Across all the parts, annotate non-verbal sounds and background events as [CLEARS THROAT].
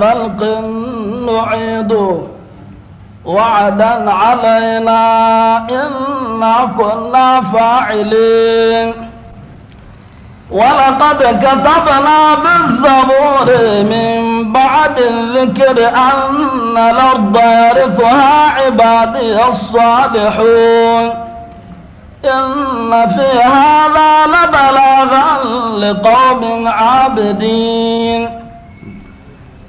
خلق نعيد وعدا علينا إنا كنا فاعلين ولقد كتبنا بالزبور من بعد الذكر أن الأرض يرثها عبادي الصالحون إن في هذا لبلاغا لقوم عابدين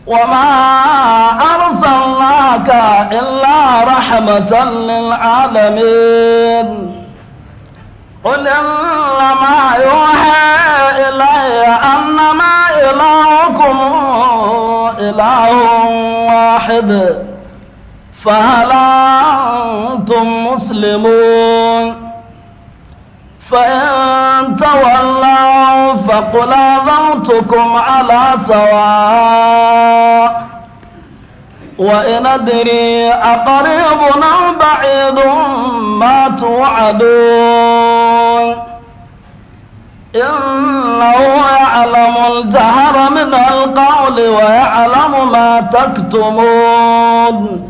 وما أرسلناك إلا رحمة للعالمين قل إنما يوحى إلي أنما إلهكم إله واحد فهل أنتم مسلمون فإن تولوا فقل أعظمتكم على سواء وإن أدري أقريب أو بعيد ما توعدون إنه يعلم الجهر من القول ويعلم ما تكتمون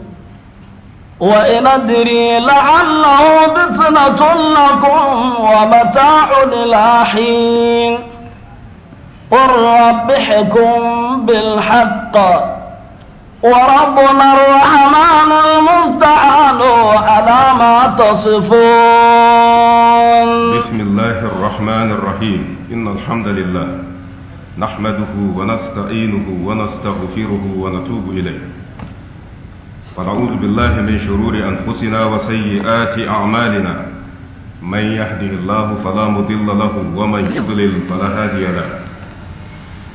وإن أدري لعله فتنة لكم ومتاع إلى حين قل رب حكم بالحق وربنا الرحمن المستعان على ما تصفون بسم الله الرحمن الرحيم إن الحمد لله نحمده ونستعينه ونستغفره ونتوب إليه ونعوذ بالله من شرور أنفسنا وسيئات أعمالنا من يهده الله فلا مضل له ومن يضلل فلا هادي له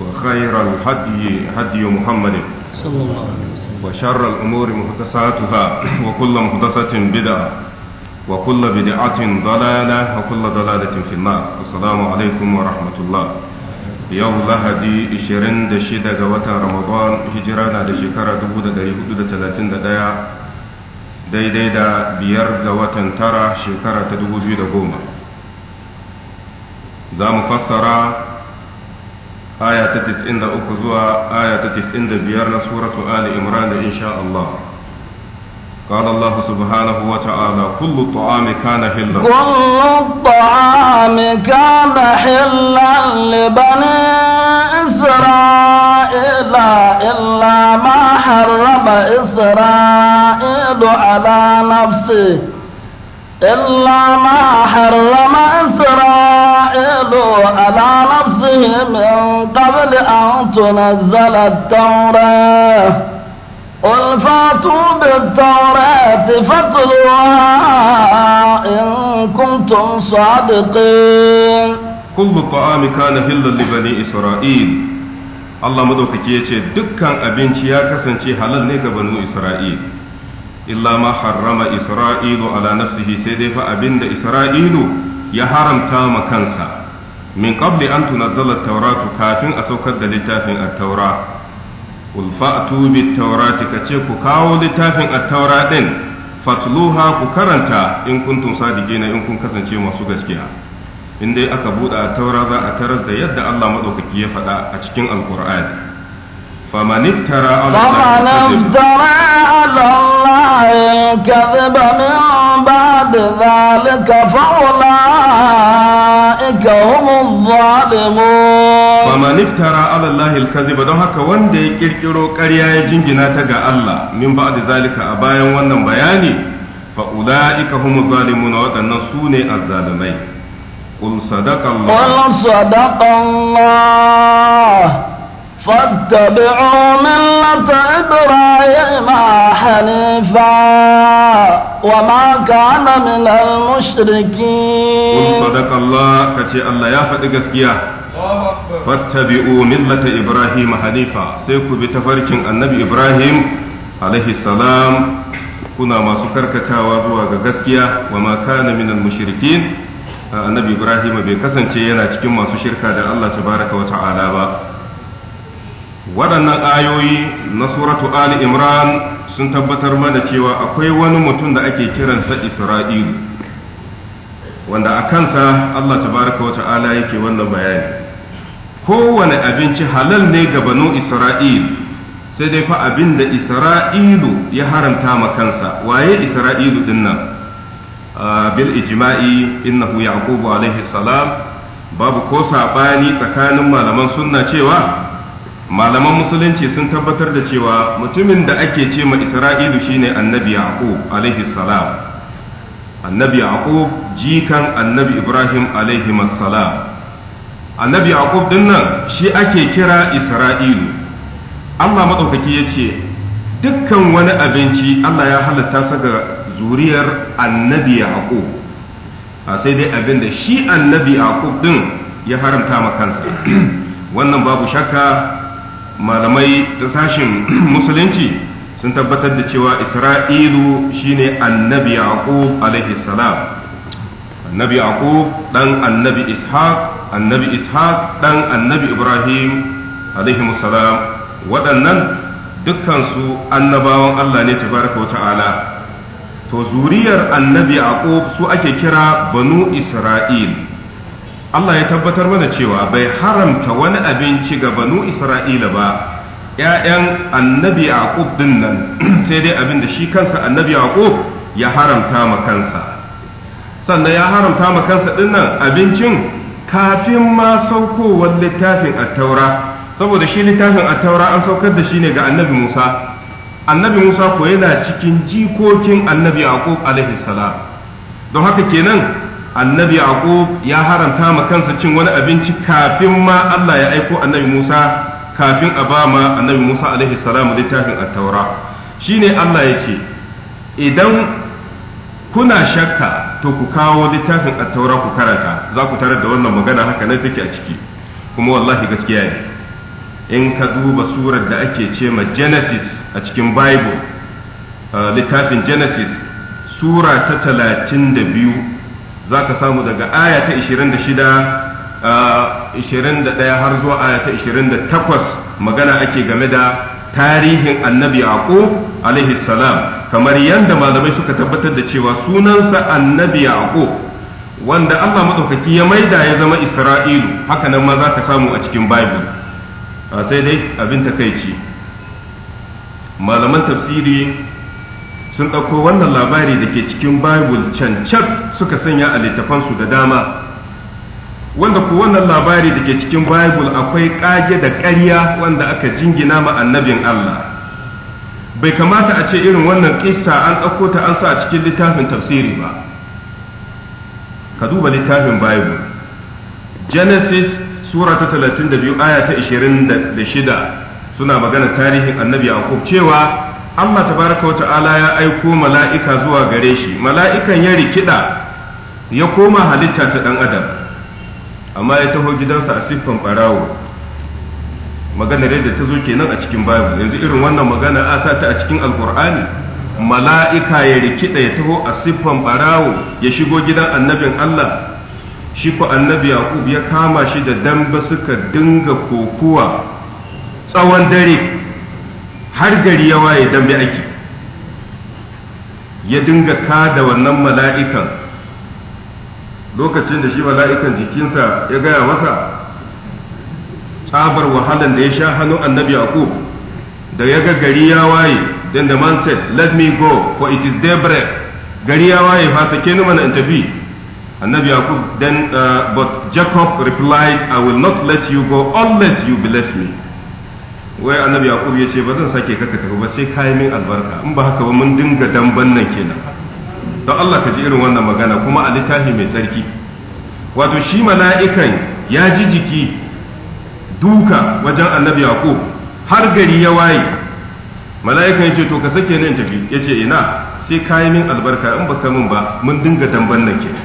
وخير الهدي هدي محمد صلى الله عليه وسلم وشر الأمور محدثاتها وكل محدثة بدعة وكل بدعة ضلالة وكل ضلالة في النار السلام عليكم ورحمة الله yau lahadi 26 ga watan ramadan hijira na da shekara 1431 daidai da biyar ga watan tara shekara ta 2010 za mu fassara آية 90 أخذوا آية 90 ta سورة آل إمران إن شاء الله قال الله سبحانه وتعالى كل الطعام كان حلا كل الطعام كان حلا لبني إسرائيل إلا ما حرم إسرائيل على نفسه إلا ما حرم إسرائيل يعيدوا على نفسه من قبل أن تنزل التوراة قل فاتوا بالتوراة فاتلوها إن كنتم صادقين كل الطعام كان هلا لبني إسرائيل Allah madaukaki ya ce dukkan abinci ya kasance halal ne ga banu Isra'il, illa ma harrama Isra'ilu ala nafsihi sai dai fa abin da Isra'ilu ya haramta ma kansa min qabli an tunazzala at kafin a saukar da littafin at-taura qul fa'tu bit-taurati kace ku kawo littafin at-taura din fatluha ku karanta in kuntum sadiqina in kun kasance masu gaskiya in dai aka buɗe a taura za a taras da yadda Allah maɗaukaki ya faɗa a cikin alkur'ani فمن افترى على الله كذب من بعد ذلك فأولئك يعلمون ومن افترى على الله don haka wanda ya kirkiro ƙarya ya jingina ta ga Allah min ba'd zalika a bayan wannan bayani fa ulaika humu zalimun waɗannan su ne azzalimai qul sadaqa Allah qul sadaqa Allah فاتبعوا ملة إبراهيم حنيفاً وما كان من المشركين قل صدق الله كتي الله يا فدي غسكيا فاتبعوا ملة إبراهيم حنيفا سيكو بتفرك النبي إبراهيم عليه السلام كنا ما سكرك تاوازوا غسكيا وما كان من المشركين النبي إبراهيم بكسن تينا تكما سشركا الله تبارك وتعالى با waɗannan ayoyi na suratu ali imran sun tabbatar mana cewa akwai wani mutum da ake kiransa isra'ilu wanda a kansa allah tabaraka wa ta'ala yake wannan bayani kowane abinci halal ne ga banu isra'il sai dai fa abin da isra'ilu ya haramta ma kansa waye isra'ilu din nan bil ijma'i innahu yaqubu alaihi salam babu ko saɓani tsakanin malaman sunna cewa malaman musulunci sun tabbatar da cewa mutumin da ake ce ma isra'ilu shine annabi yaqub alaihi salam annabi yaqub jikan annabi ibrahim alaihi salam annabi yaqub dinnan shi ake kira isra'ilu allah maɗaukaki ya ce dukkan wani abinci allah ya halatta sa ga zuriyar annabi yaqub sai dai abin da shi annabi yaqub din ya haramta ma kansa [CLEARS THROAT] wannan babu shakka malamai da sashin [CLEARS THROAT] musulunci sun tabbatar da cewa isra'ilu shine annabi yaqub alaihi salam annabi yaqub dan annabi ishaq annabi ishaq dan annabi ibrahim alaihi salam waɗannan dukkansu annabawan allah ne tabaraka wa ta'ala to zuriyar annabi yaqub su ake kira banu isra'il Allah ya tabbatar mana cewa bai haramta wani abinci ga banu Isra'ila ba ‘ya'yan annabi Yaqub din nan [CLEARS THROAT] sai dai abin da shi kansa annabi Yaqub ya haramta ma kansa sannan ya haramta ma kansa din nan abincin kafin ma saukowar littafin attaura saboda shi littafin attaura an saukar da shi ne ga annabi Musa annabi Musa ko yana cikin jikokin annabi Yaqub alaihi salam don haka kenan annabi yaqub ya haramta ma kansa cin wani abinci kafin ma Allah ya aiko annabi Musa kafin a ba ma annabi Musa alaihi salam littafin at-taura shine Allah yake idan kuna shakka to ku kawo littafin at-taura ku karanta za ku tarar da wannan magana haka ne take a ciki kuma wallahi gaskiya ne in ka duba surar da ake ce ma Genesis a cikin Bible uh, littafin Genesis sura ta talatin da biyu za ka samu daga aya ta 26 21 har zuwa aya ta 28 magana ake game da tarihin annabi yaqub alaihi salam kamar yadda malamai suka tabbatar da cewa sunansa annabi yaqub wanda Allah madaukaki ya maida ya zama Isra'ilu haka nan ma za ka samu a cikin Bible sai dai abin takaici malaman tafsiri sun ɗauko wannan labari da ke cikin bible cancan suka sanya a littafansu da dama wanda ku wannan labari da ke cikin bible akwai ƙage da ƙarya wanda aka jingina ma annabin allah bai kamata a ce irin wannan kissa an ɗauko ta an sa a cikin littafin tafsiri ba ka duba littafin bible genesis sura ta 32 aya ta 26 suna magana tarihin annabi yakub cewa Allah tabaraka wata'ala ya aiko mala'ika zuwa gare shi mala'ikan ya rikida ya koma halitta ta ɗan adam amma ya taho gidansa a siffan ɓarawo magana da ta zo kenan a cikin babu yanzu irin wannan magana a sa ta a cikin alkur'ani mala'ika ya rikida ya taho a siffan ɓarawo, ya shigo gidan annabin Allah shi ko annabi ya kama shi da damba suka dinga kokuwa tsawon dare har gari ya waye dambe ake ya dinga ka da wannan mala'ikan lokacin da shi mala'ikan jikinsa ya gaya masa tsabar wahalan da ya sha hannun annabi yaqub da ya ga gari ya waye then the man said let me go for it is daybreak gari ya waye fa sake ni mana in tafi annabi ya then uh, but jacob replied i will not let you go unless you bless me wai annabi yaqub ya ce ba zan sake kaka tafi ba sai kayi min albarka in ba haka ba mun dinga damban nan kenan don Allah ka ji irin wannan magana kuma a littafi mai tsarki wato shi mala'ikan ya ji jiki duka wajen annabi yaqub har gari ya waye mala'ikan ya ce to ka sake ni in tafi ya ce ina sai kayi min albarka in ba ka min ba mun dinga damban nan kenan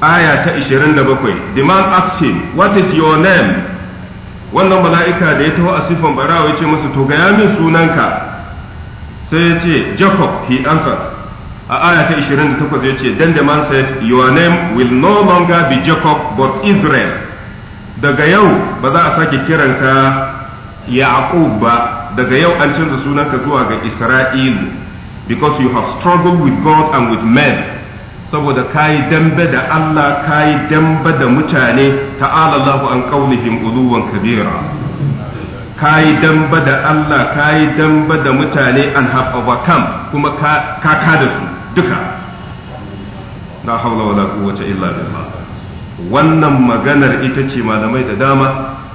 aya ta 27 demand asks him what is your name wannan mala'ika da ya taho a siffan barawa ya ce masa to gaya min sunanka sai ya ce jacob he answered a aya ta 28 ya ce then the man said your name will no longer be jacob but israel daga yau ba za a sake kiranka yaqub ba daga yau an canza sunanka zuwa ga isra'il because you have struggled with god and with men saboda kayi dambe da Allah kayi dambe da mutane ta'ala Allahu an qaulihim uluwan kabira kayi dambe da Allah kayi dambe da mutane an haɓa kam kuma ka ka da su duka la hawla wala quwwata illa billah wannan maganar ita ce malamai da dama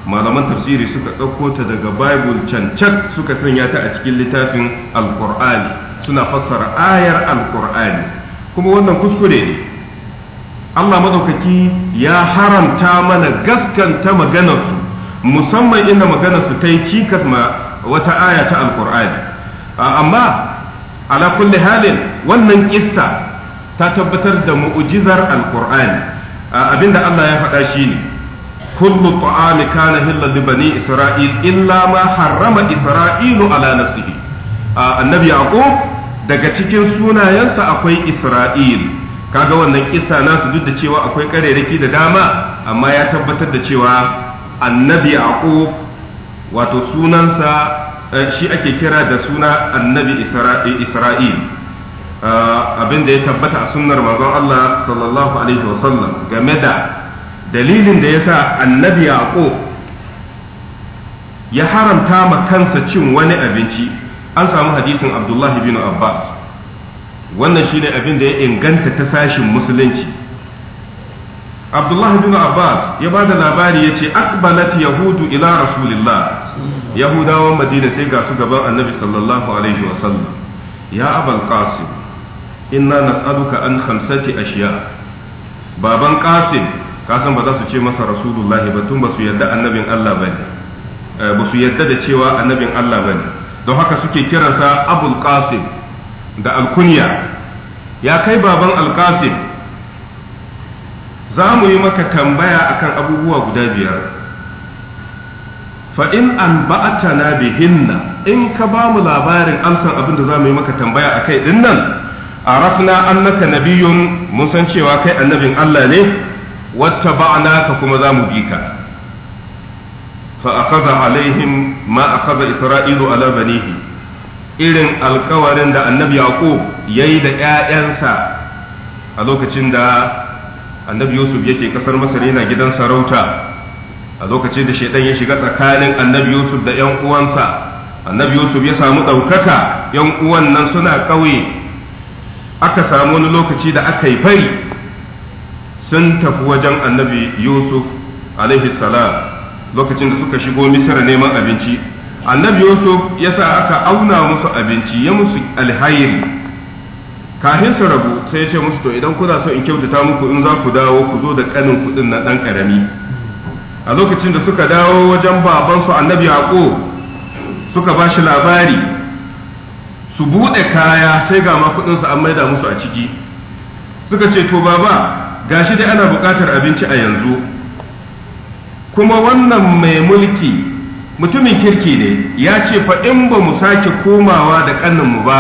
malaman tafsiri suka ɗauko ta daga bible cancan suka sanya ta a cikin littafin alkur'ani suna fassara ayar alkur'ani kuma wannan kuskure ne Allah madaukaki ya haramta mana gaskanta maganarsu musamman inda maganarsu ta yi cikas ma wata aya ta alkur'ani amma ala kulli halin wannan kissa ta tabbatar da mu'ujizar alkur'ani abinda Allah ya faɗa shi ne kullu ta'ami kana hillal li bani isra'il illa ma harrama isra'ilu ala nafsihi annabi yaqub daga cikin sunayensa akwai Isra'il kaga wannan kisa nasu duk da cewa akwai kareraki da dama amma ya tabbatar da cewa annabi wato sunansa eh, shi ake kira da suna annabi eh, isra'il eh, abin da ya tabbata a sunnar manzon Allah sallallahu alaihi wasallam game da dalilin da yasa annabi yaqub ya haramta ma kansa cin wani abinci an samu hadisin abdullahi bin abbas wannan shine abin da ya inganta ta sashin musulunci abdullahi bin abbas ya ba da labari ya ce akbalat yahudu ila rasulillah yahudawan madina sai ga su gaban annabi sallallahu alaihi wasallam ya abal qasim inna nas'aluka an khamsati ashiya baban qasim kasan ba za su ce masa rasulullahi ba tun ba su yarda annabin Allah bane eh, ba su yarda da cewa annabin Allah bane don haka suke kiransa abul qasim da alkunya ya kai baban alkasim za mu yi maka tambaya akan abubuwa guda biyar fa'in an ba'ata na bihinna in ka ba mu labarin amsan abin da za mu yi maka tambaya a kai dinnan a rafna annaka nabiyun mun san cewa kai annabin Allah ne wata ba'ana ka kuma za mu bi ka فأخذ عليهم ما أخذ إسرائيل على بنيه irin alkawarin da annabi yaqub yayi da ƴaƴansa a lokacin da annabi yusuf yake kasar masar yana gidan sarauta a lokacin da shaidan ya shiga tsakanin annabi yusuf da ƴan uwansa annabi yusuf ya samu ɗaukaka ƴan uwan nan suna ƙauye aka samu wani lokaci da aka yi fari sun tafi wajen annabi yusuf alaihi salam lokacin da suka shigo misira neman abinci annabi yusuf ya sa aka auna musu abinci ya musu alhairi kafin su rabu sai ya ce musu to idan kuna so in kyautata muku in za ku dawo ku zo da kanin kudin na dan karami a lokacin da suka dawo wajen babansu annabi yaqo suka ba shi labari su buɗe kaya sai ga ma su an maida musu a ciki suka ce to baba gashi dai ana buƙatar abinci a yanzu kuma wannan mai mulki mutumin kirki ne ya ce fa in ba mu sake komawa da ƙaninmu ba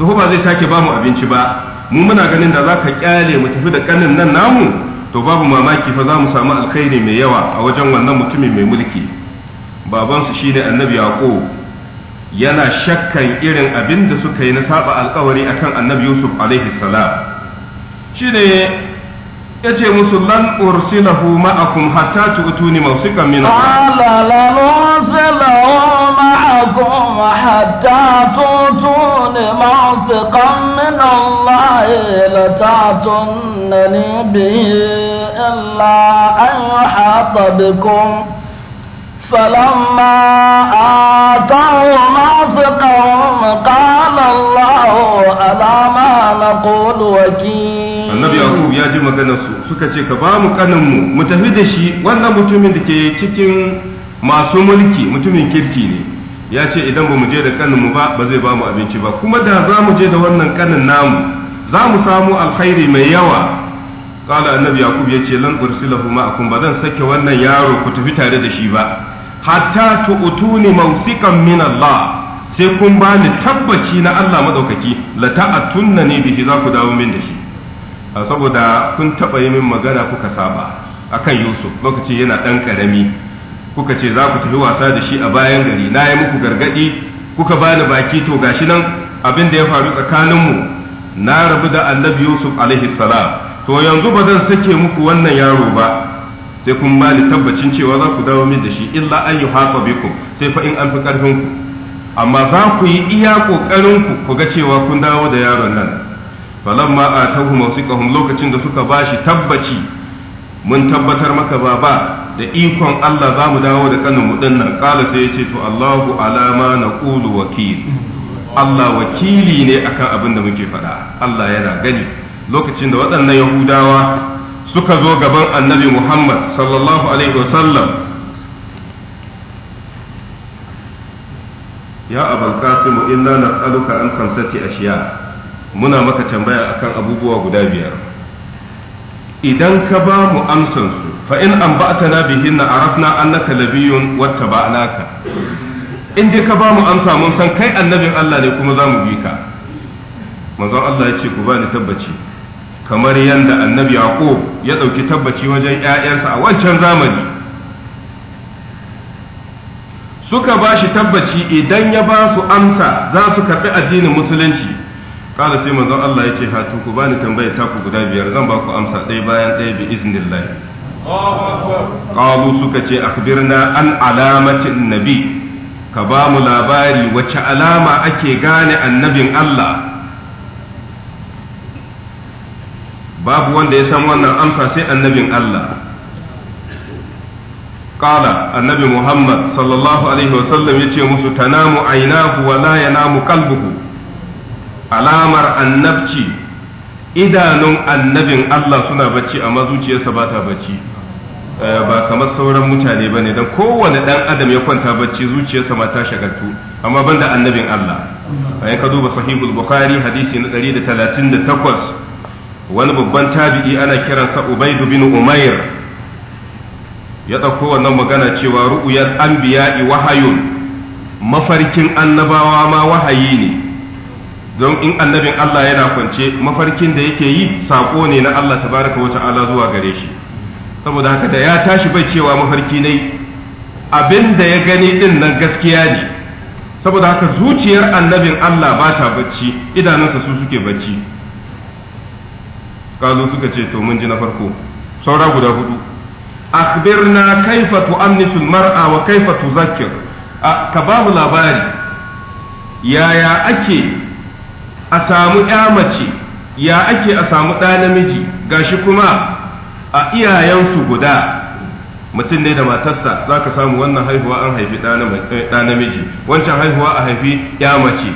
to ba zai sake ba mu abinci ba mu muna ganin da za ka kyale mu tafi da ƙanin nan namu to babu mamaki fa za mu samu alkhairi mai yawa a wajen wannan mutumin mai mulki babansu shine annabi yaqo yana shakkan irin abin da suka yi na saba alkawari akan annabi yusuf alaihi salam shine yace musu lan ursilahu ma'akum hatta tu'tuni mawsikan min Allah la la ursilahu ma'akum hatta tu'tuni mawsikan min Allah la ta'tunni bihi illa an yuhata bikum فلما آتوا موثقهم قال الله ألا ما نقول وكيل annabi yaqub ya ji maganar su suka ce ka ba mu kanin mu mutafi tafi da shi wannan mutumin da ke cikin masu mulki mutumin kirki ne ya ce idan ba mu je da kanin mu ba ba zai ba mu abinci ba kuma da za mu je da wannan kanin namu za mu samu alkhairi mai yawa ya ce قال النبي يعقوب ba zan sake wannan yaro ku tafi tare da shi ba hatta حتى تؤتوني موثقا min Allah sai kun bani tabbaci na Allah madaukaki la ta'atunna ne bihi za ku dawo min da shi Ah, saboda kun taɓa yi min magana kuka saba akan yusuf lokaci yana ɗan ƙarami kuka ce za ku tafi wasa da shi a bayan gari na yi muku gargaɗi kuka bani baki to gashi nan abin da ya faru tsakaninmu na rabu da annabi yusuf alaihi salam to yanzu ba zan sake muku wannan yaro ba sai kun bani tabbacin cewa za ku dawo min da shi illa an yi hafa biku sai fa in an fi ƙarfinku amma za ku yi iya ƙoƙarinku ku ga cewa kun dawo da yaron nan falamma atahu mawsiqahum lokacin da suka bashi tabbaci mun tabbatar maka baba da ikon Allah za mu dawo da kanin mu dinnan kala sai yace to Allahu alama naqulu wakil Allah wakili ne akan abin da muke faɗa Allah yana gani lokacin da waɗannan Yahudawa suka zo gaban Annabi Muhammad sallallahu alaihi wasallam ya abul na inna nas'aluka an khamsati ashiya' muna maka tambaya akan abubuwa guda biyar idan ka ba mu amsansu fa in an ba'tana bihin na arafna annaka labiyun wattaba'naka in dai ka ba mu amsa mun san kai annabin Allah ne kuma za mu bi ka manzon Allah ya ce ku bani tabbaci kamar yanda annabi Yaqub ya dauki tabbaci wajen ƴaƴansa a wancan zamani suka ba shi tabbaci idan ya ba su amsa za su karɓi addinin musulunci kala sai manzon Allah ya ce hatu ku bani ta ku guda biyar zan ba ku amsa ɗaya bayan ɗaya bi iznillah qalu suka ce akhbirna an alamatin nabi ka ba mu labari wace alama ake gane annabin Allah babu wanda ya san wannan amsa sai annabin Allah qala annabi Muhammad sallallahu alaihi wasallam yace musu tanamu ainahu wa la yanamu qalbuhu alamar annabci idanun annabin Allah suna bacci amma zuciyarsa ba ta bacci eh, ba kamar sauran mutane ba ne don kowane ɗan adam ya kwanta bacci zuciyarsa ma ta shagaltu amma ban da annabin Allah bayan eh, ka duba sahihul bukhari hadisi na 138 wani babban tabi'i ana kiransa ubaidu bin umair ya ɗauko wannan magana cewa ru'uyar anbiya'i wahayun mafarkin annabawa ma wahayi ne don in annabin Allah yana kwance mafarkin da yake yi sako ne na Allah tabaraka wa ta'ala zuwa gare shi saboda haka da ya tashi bai cewa mafarki ne abin da ya gani din nan gaskiya ne saboda haka zuciyar annabin Allah ba ta bacci idanunsa su suke bacci kazo suka ce to mun ji na farko saura guda hudu akhbirna kaifa tu'annisu mar'a wa kaifa tuzakkir ka babu labari yaya ake a samu ya mace ya ake a samu ɗa namiji gashi kuma a iyayensu guda mutum ne da matarsa za ka samu wannan haihuwa an haifi ɗa eh, namiji wancan haihuwa a haifi ya mace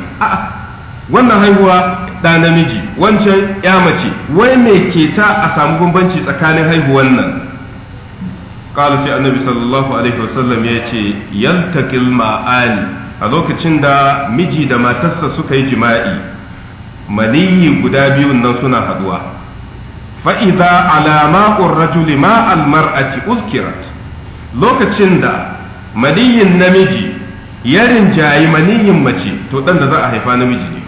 wannan haihuwa ɗa namiji wancan ya mace wai me ke sa a samu bambanci tsakanin haihuwan nan قال في النبي صلى الله ya ce يأتي يلتقي المعاني a lokacin da miji da matarsa suka yi jima'i maniyi guda biyun nan suna haduwa fa'iza alama rajuli ma al mar'ati lokacin da maliyyin namiji ya jayi maniyin mace to dan da za a haifa namiji ne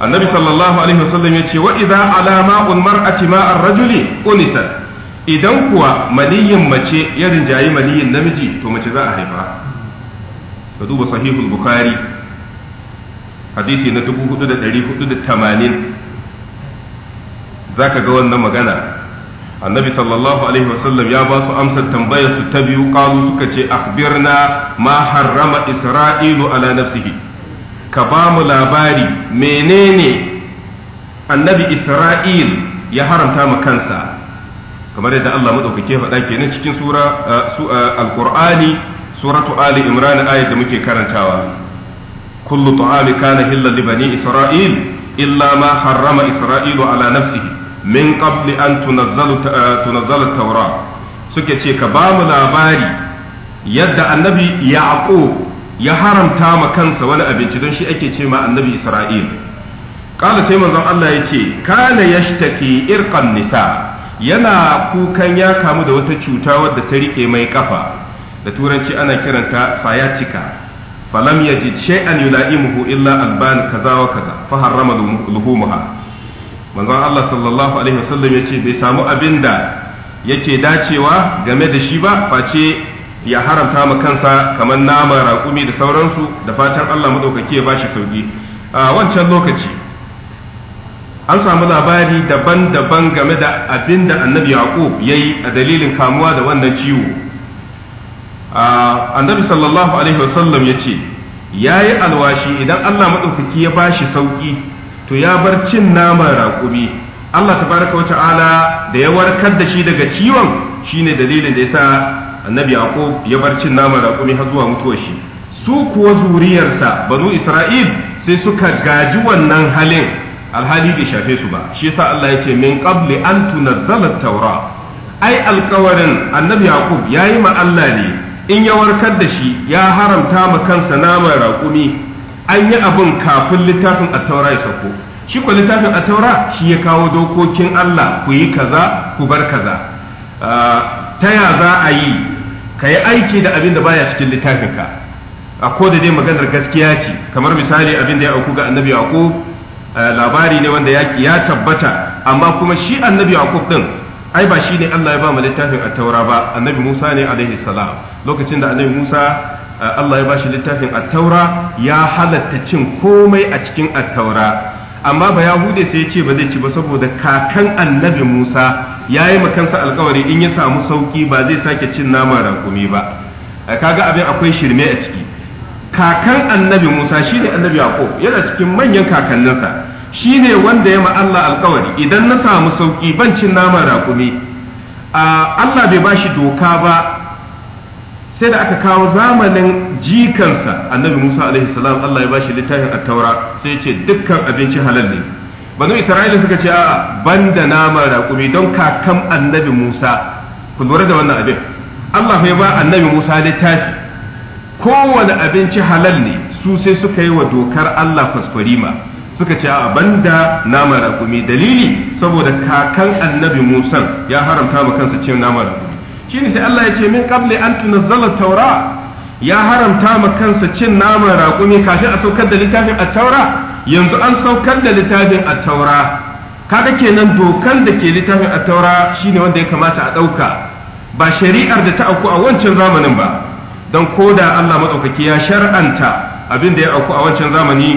annabi sallallahu alaihi wasallam ya ce wa'iza alama mar'ati ma'ar rajuli unisat idan kuwa maliyyin mace ya rinjayi maniyin namiji to mace za a haifa ka duba sahihul bukhari hadisi na za zaka ga wannan magana annabi sallallahu alaihi wasallam ya ba su amsar tambayar su ta biyu kalu suka ce akhbirna ma harrama isra'ilu ala nafsihi ka ba mu labari menene annabi isra'il ya haramta ma kansa kamar yadda Allah madaukake faɗa kenan cikin sura uh, uh, al-Qur'ani suratu Ali Imran ayat da muke karantawa kullu ta'ami kana hillan li bani isra'il illa ma harrama isra'ilu ala nafsihi min qabli an tunazzalu eh, tunazzalu tawra suke ce ka ba mu labari yadda annabi yaqub ya haramta ma kansa wani abinci don shi ake ce ma annabi isra'il qala sai manzon Allah ce, kana yashtaki irqan nisa yana kukan ya kamu da wata cuta wadda ta rike mai ƙafa. da turanci ana kiranta sayatika falam يجد شيئا يلائمه illa البان كذا وكذا فحرم fa luhumuha manzon Allah sallallahu alaihi wasallam yace bai samu abinda yake dacewa game da shi ba face ya haramta ma kansa kamar nama raƙumi da sauransu da fatan Allah madaukake ya bashi sauki a wancan lokaci an samu labari daban-daban game da abinda annabi yaqub yayi a dalilin kamuwa da wannan ciwo annabi sallallahu alaihi wasallam ya ce ya yi alwashi idan Allah maɗaukaki ya bashi sauki to ya bar cin naman raƙumi Allah ta tabaraka wata'ala da ya warkar da shi daga ciwon shine dalilin da ya sa annabi yaqub ya bar cin naman raƙumi har zuwa mutuwar shi su kuwa zuriyarsa banu isra'il sai suka gaji wannan halin alhali bai shafe su ba shi yasa Allah ya ce min qabli an tunazzala at-taura ai alƙawarin annabi yaqub yayi ma Allah ne in ya warkar da shi ya haramta ma kansa naman raƙumi an yi abin kafin littafin a taura ya sauko shi ko littafin taura shi ya kawo dokokin Allah ku yi kaza ku bar kaza ah, ta ya za a yi ka yi aiki da abin da baya cikin littafin ka a ko da dai maganar gaskiya ce kamar misali abin da ya auku ga annabi yaqub ah, labari ne wanda ya tabbata amma kuma shi annabi yaqub din ai ba shine Allah ya ba mu littafin at-taura ba annabi Musa ne alaihi salam lokacin da annabi Musa eh, Allah ya ba shi littafin at-taura ya halatta cin komai a cikin at-taura amma ba yahude sai ya ce ba zai ci ba saboda kakan annabi Musa yayi yi kansa alkawari in ya samu sauki ba zai sake cin nama rakumi ba eh, kaga abin akwai shirme a ciki kakan annabi Musa shine annabi Yaqub yana cikin manyan kakanninsa Shi ne wanda ya ma Allah alkawari idan na samu sauki ban cin naman raƙumi Allah bai bashi doka ba sai da aka kawo zamanin jikansa annabi Musa alaihi salam Allah ya bashi littafin at-taura sai ya ce dukkan abinci halal ne banu Isra'ila suka ce a banda naman raƙumi don kakan annabi Musa ku lura da wannan abin Allah bai ba annabi Musa littafi kowane abinci halal ne su sai suka yi wa dokar Allah kwaskwarima suka ce a banda naman rakumi dalili saboda kakan annabi musan ya haramta ma kansa cin naman Shi shine sai Allah ya ce min qabli an tunazzala taura ya haramta ma kansa cin naman rakumi kafin a saukar da littafin a taura yanzu an saukar da littafin a taura kaga kenan dokan da ke littafin a taura shine wanda ya kamata a ɗauka? ba shari'ar da ta auku a wancan zamanin ba don ko da Allah maɗaukaki ya shar'anta abin da ya auku a wancan zamani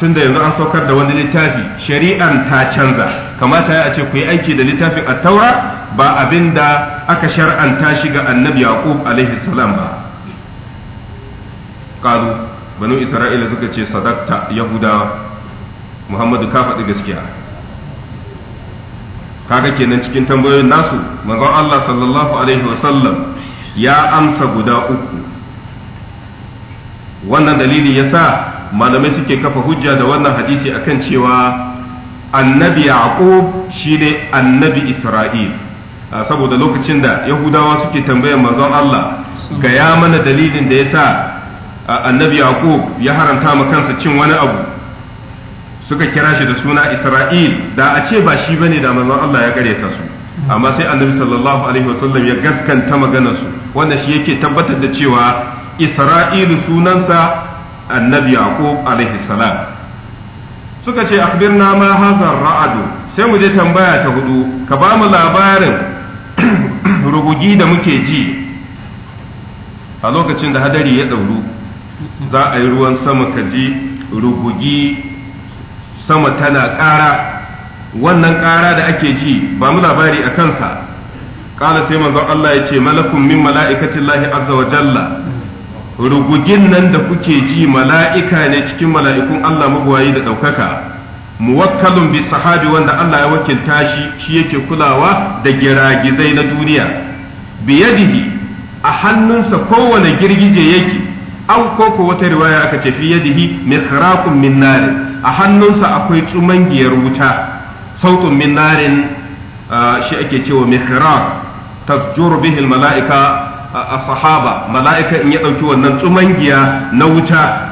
tun da yanzu an saukar da wani littafi shari'an ta canza kamata ya ce ku yi aiki da littafi a taura ba abin da aka shar'anta shi ga annabi yaqub alaihi salam ba qalu banu isra'ila suka ce sadaqta Yahuda muhammadu ka faɗi gaskiya kaga kenan cikin tambayoyin nasu manzon Allah sallallahu alaihi wasallam ya amsa guda uku wannan dalili yasa malamai suke kafa hujja da wannan hadisi akan cewa annabi yaqub shine annabi isra'il ah, saboda lokacin da yahudawa suke tambayar manzon Allah ga ya mana dalilin da yasa ah, annabi yaqub ya haramta ma kansa cin wani abu suka kira shi da suna isra'il da a ce ba shi bane da manzon Allah ya gareta su amma sai annabi sallallahu alaihi wasallam ya gaskanta maganar su wanda shi yake tabbatar da cewa isra'il sunansa annabi yaqub alaihi salam suka ce akhbirna ma hadha ra'adu sai mu je tambaya ta hudu ka ba mu labarin [CLEARS THROAT] rugugi da muke ji a lokacin da hadari ya dauru za a yi ruwan sama ka ji rugugi sama tana ƙara wannan ƙara da ake ji ba mu labari a kansa ƙala sai manzon Allah ya ce malakun min mala'ikacin lahi azza wa jalla rugugin nan da kuke ji mala'ika ne cikin mala'ikun Allah magwayi da ɗaukaka muwakkalun bi sahabi wanda Allah ya wakilta shi shi yake kulawa da giragizai na duniya biyadihi a hannunsa kowane girgije yake an koko wata riwaya aka ce fi yadihi mihrakun min a hannunsa akwai tsuman giyar wuta sautun min narin shi ake cewa mihrak tasjuru bihil mala'ika a sahaba mala'ika in ya ɗauki wannan tsumangiya na wuta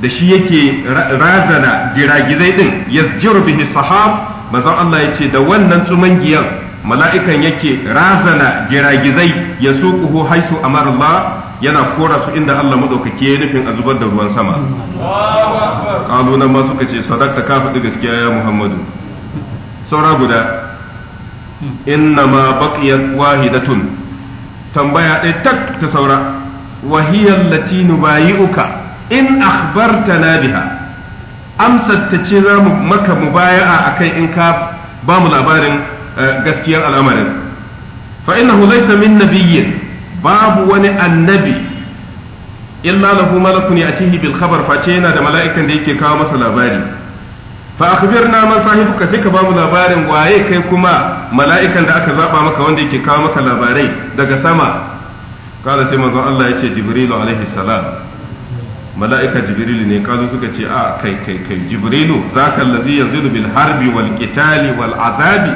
da shi yake razana giragizai ɗin yasjiru bihi sahab manzon Allah ya ce da wannan tsumangiyan mala'ikan yake razana giragizai ya suƙuhu haisu amarullah yana kora su inda Allah madaukaki ya nufin a zubar da ruwan sama kalu nan ma suka ce sadaka ka faɗi gaskiya ya Muhammadu saura guda hmm. inna ma baqiyat wahidatun tambaya ɗaya tak ta saura wahiyar latinu bayi uka in na biha amsar ta ce za mu maka mubaya'a akai in ka ba mu labarin eh, gaskiyar al'amarin fa innahu laysa min nabiyyin babu wani annabi illa lahu malakun yatihi bil khabar face yana da mala'ikan da yake kawo masa labari fa akhbirna man sahibuka sai ka bamu labarin waye kai kuma mala'ikan da aka zaba maka wanda yake kawo maka labarai daga sama kala sai manzon Allah ya ce jibrilu alaihi salam mala'ika jibrilu ne kazo suka ce a kai kai kai jibrilu zaka allazi yanzilu bil harbi wal qitali wal azabi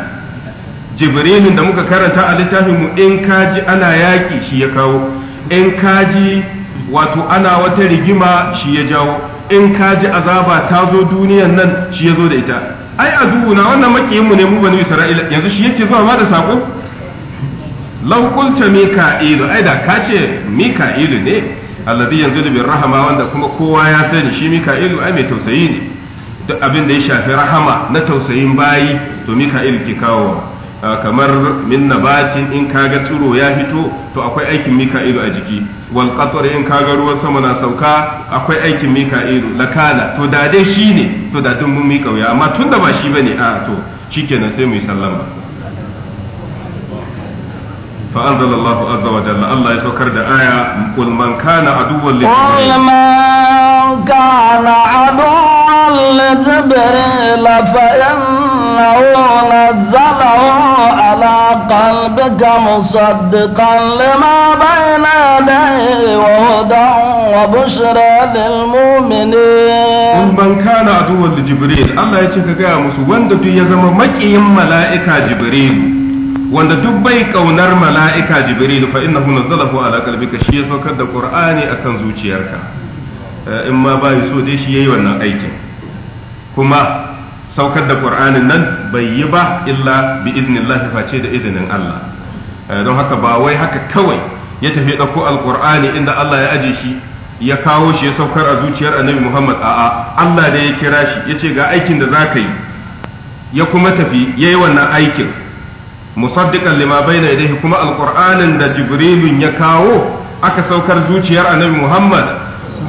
jibrilu da muka karanta a littafin mu in kaji ana yaki shi ya kawo in kaji wato ana wata rigima shi ya jawo in ka ji azaba ta zo duniyan nan shi ya zo da ita ai na wannan makiyin mu ne mu bani isra'ila yanzu shi yake zuwa ma da sako law qulta mika'ilu ai da ka ce mika'ilu ne alladhi yanzilu bir rahama wanda kuma kowa ya sani shi mika'ilu ai mai tausayi ne duk abin da ya shafi rahama na tausayin bayi to mika'ilu ke kawo kamar min nabatin in kaga turo ya fito to akwai aikin mika'ilu a jiki wal qatar in kaga ruwan sama na sauka akwai aikin mika'ilu lakala to da dai shine to da tun mun mika wuya amma tunda ba shi bane a to shikenan sai mu sallama fa anzala Allah azza wa jalla Allah ya saukar da aya kul man kana aduwwan li man kana aduwwan jibril إنه نزله على قلبك مصدقا لما بين يديه وهدى وبشرى للمؤمنين من كان عدوا لجبريل الله يتشكى يا مسو وند دي يزما مكيم ملائكة جبريل وند دبي كونر ملائكة جبريل فإنه نزله على قلبك شيء سوكر القرآن أكن زوجيرك إما باي سودي شيء وانا أيكي كما saukar da qur'anin nan bai yi ba illa bi iznillahi face da izinin Allah eh, don haka ba wai haka kawai ya tafi dauko alqur'ani inda Allah ya aje shi ya kawo shi ya saukar a zuciyar annabi Muhammad a'a Allah da ya kira shi ya ce ga aikin da zaka yi ya kuma tafi ya yi wannan aikin musaddiqan lima bayna yadayhi kuma alqur'anin da jibrilun ya kawo aka saukar zuciyar annabi Muhammad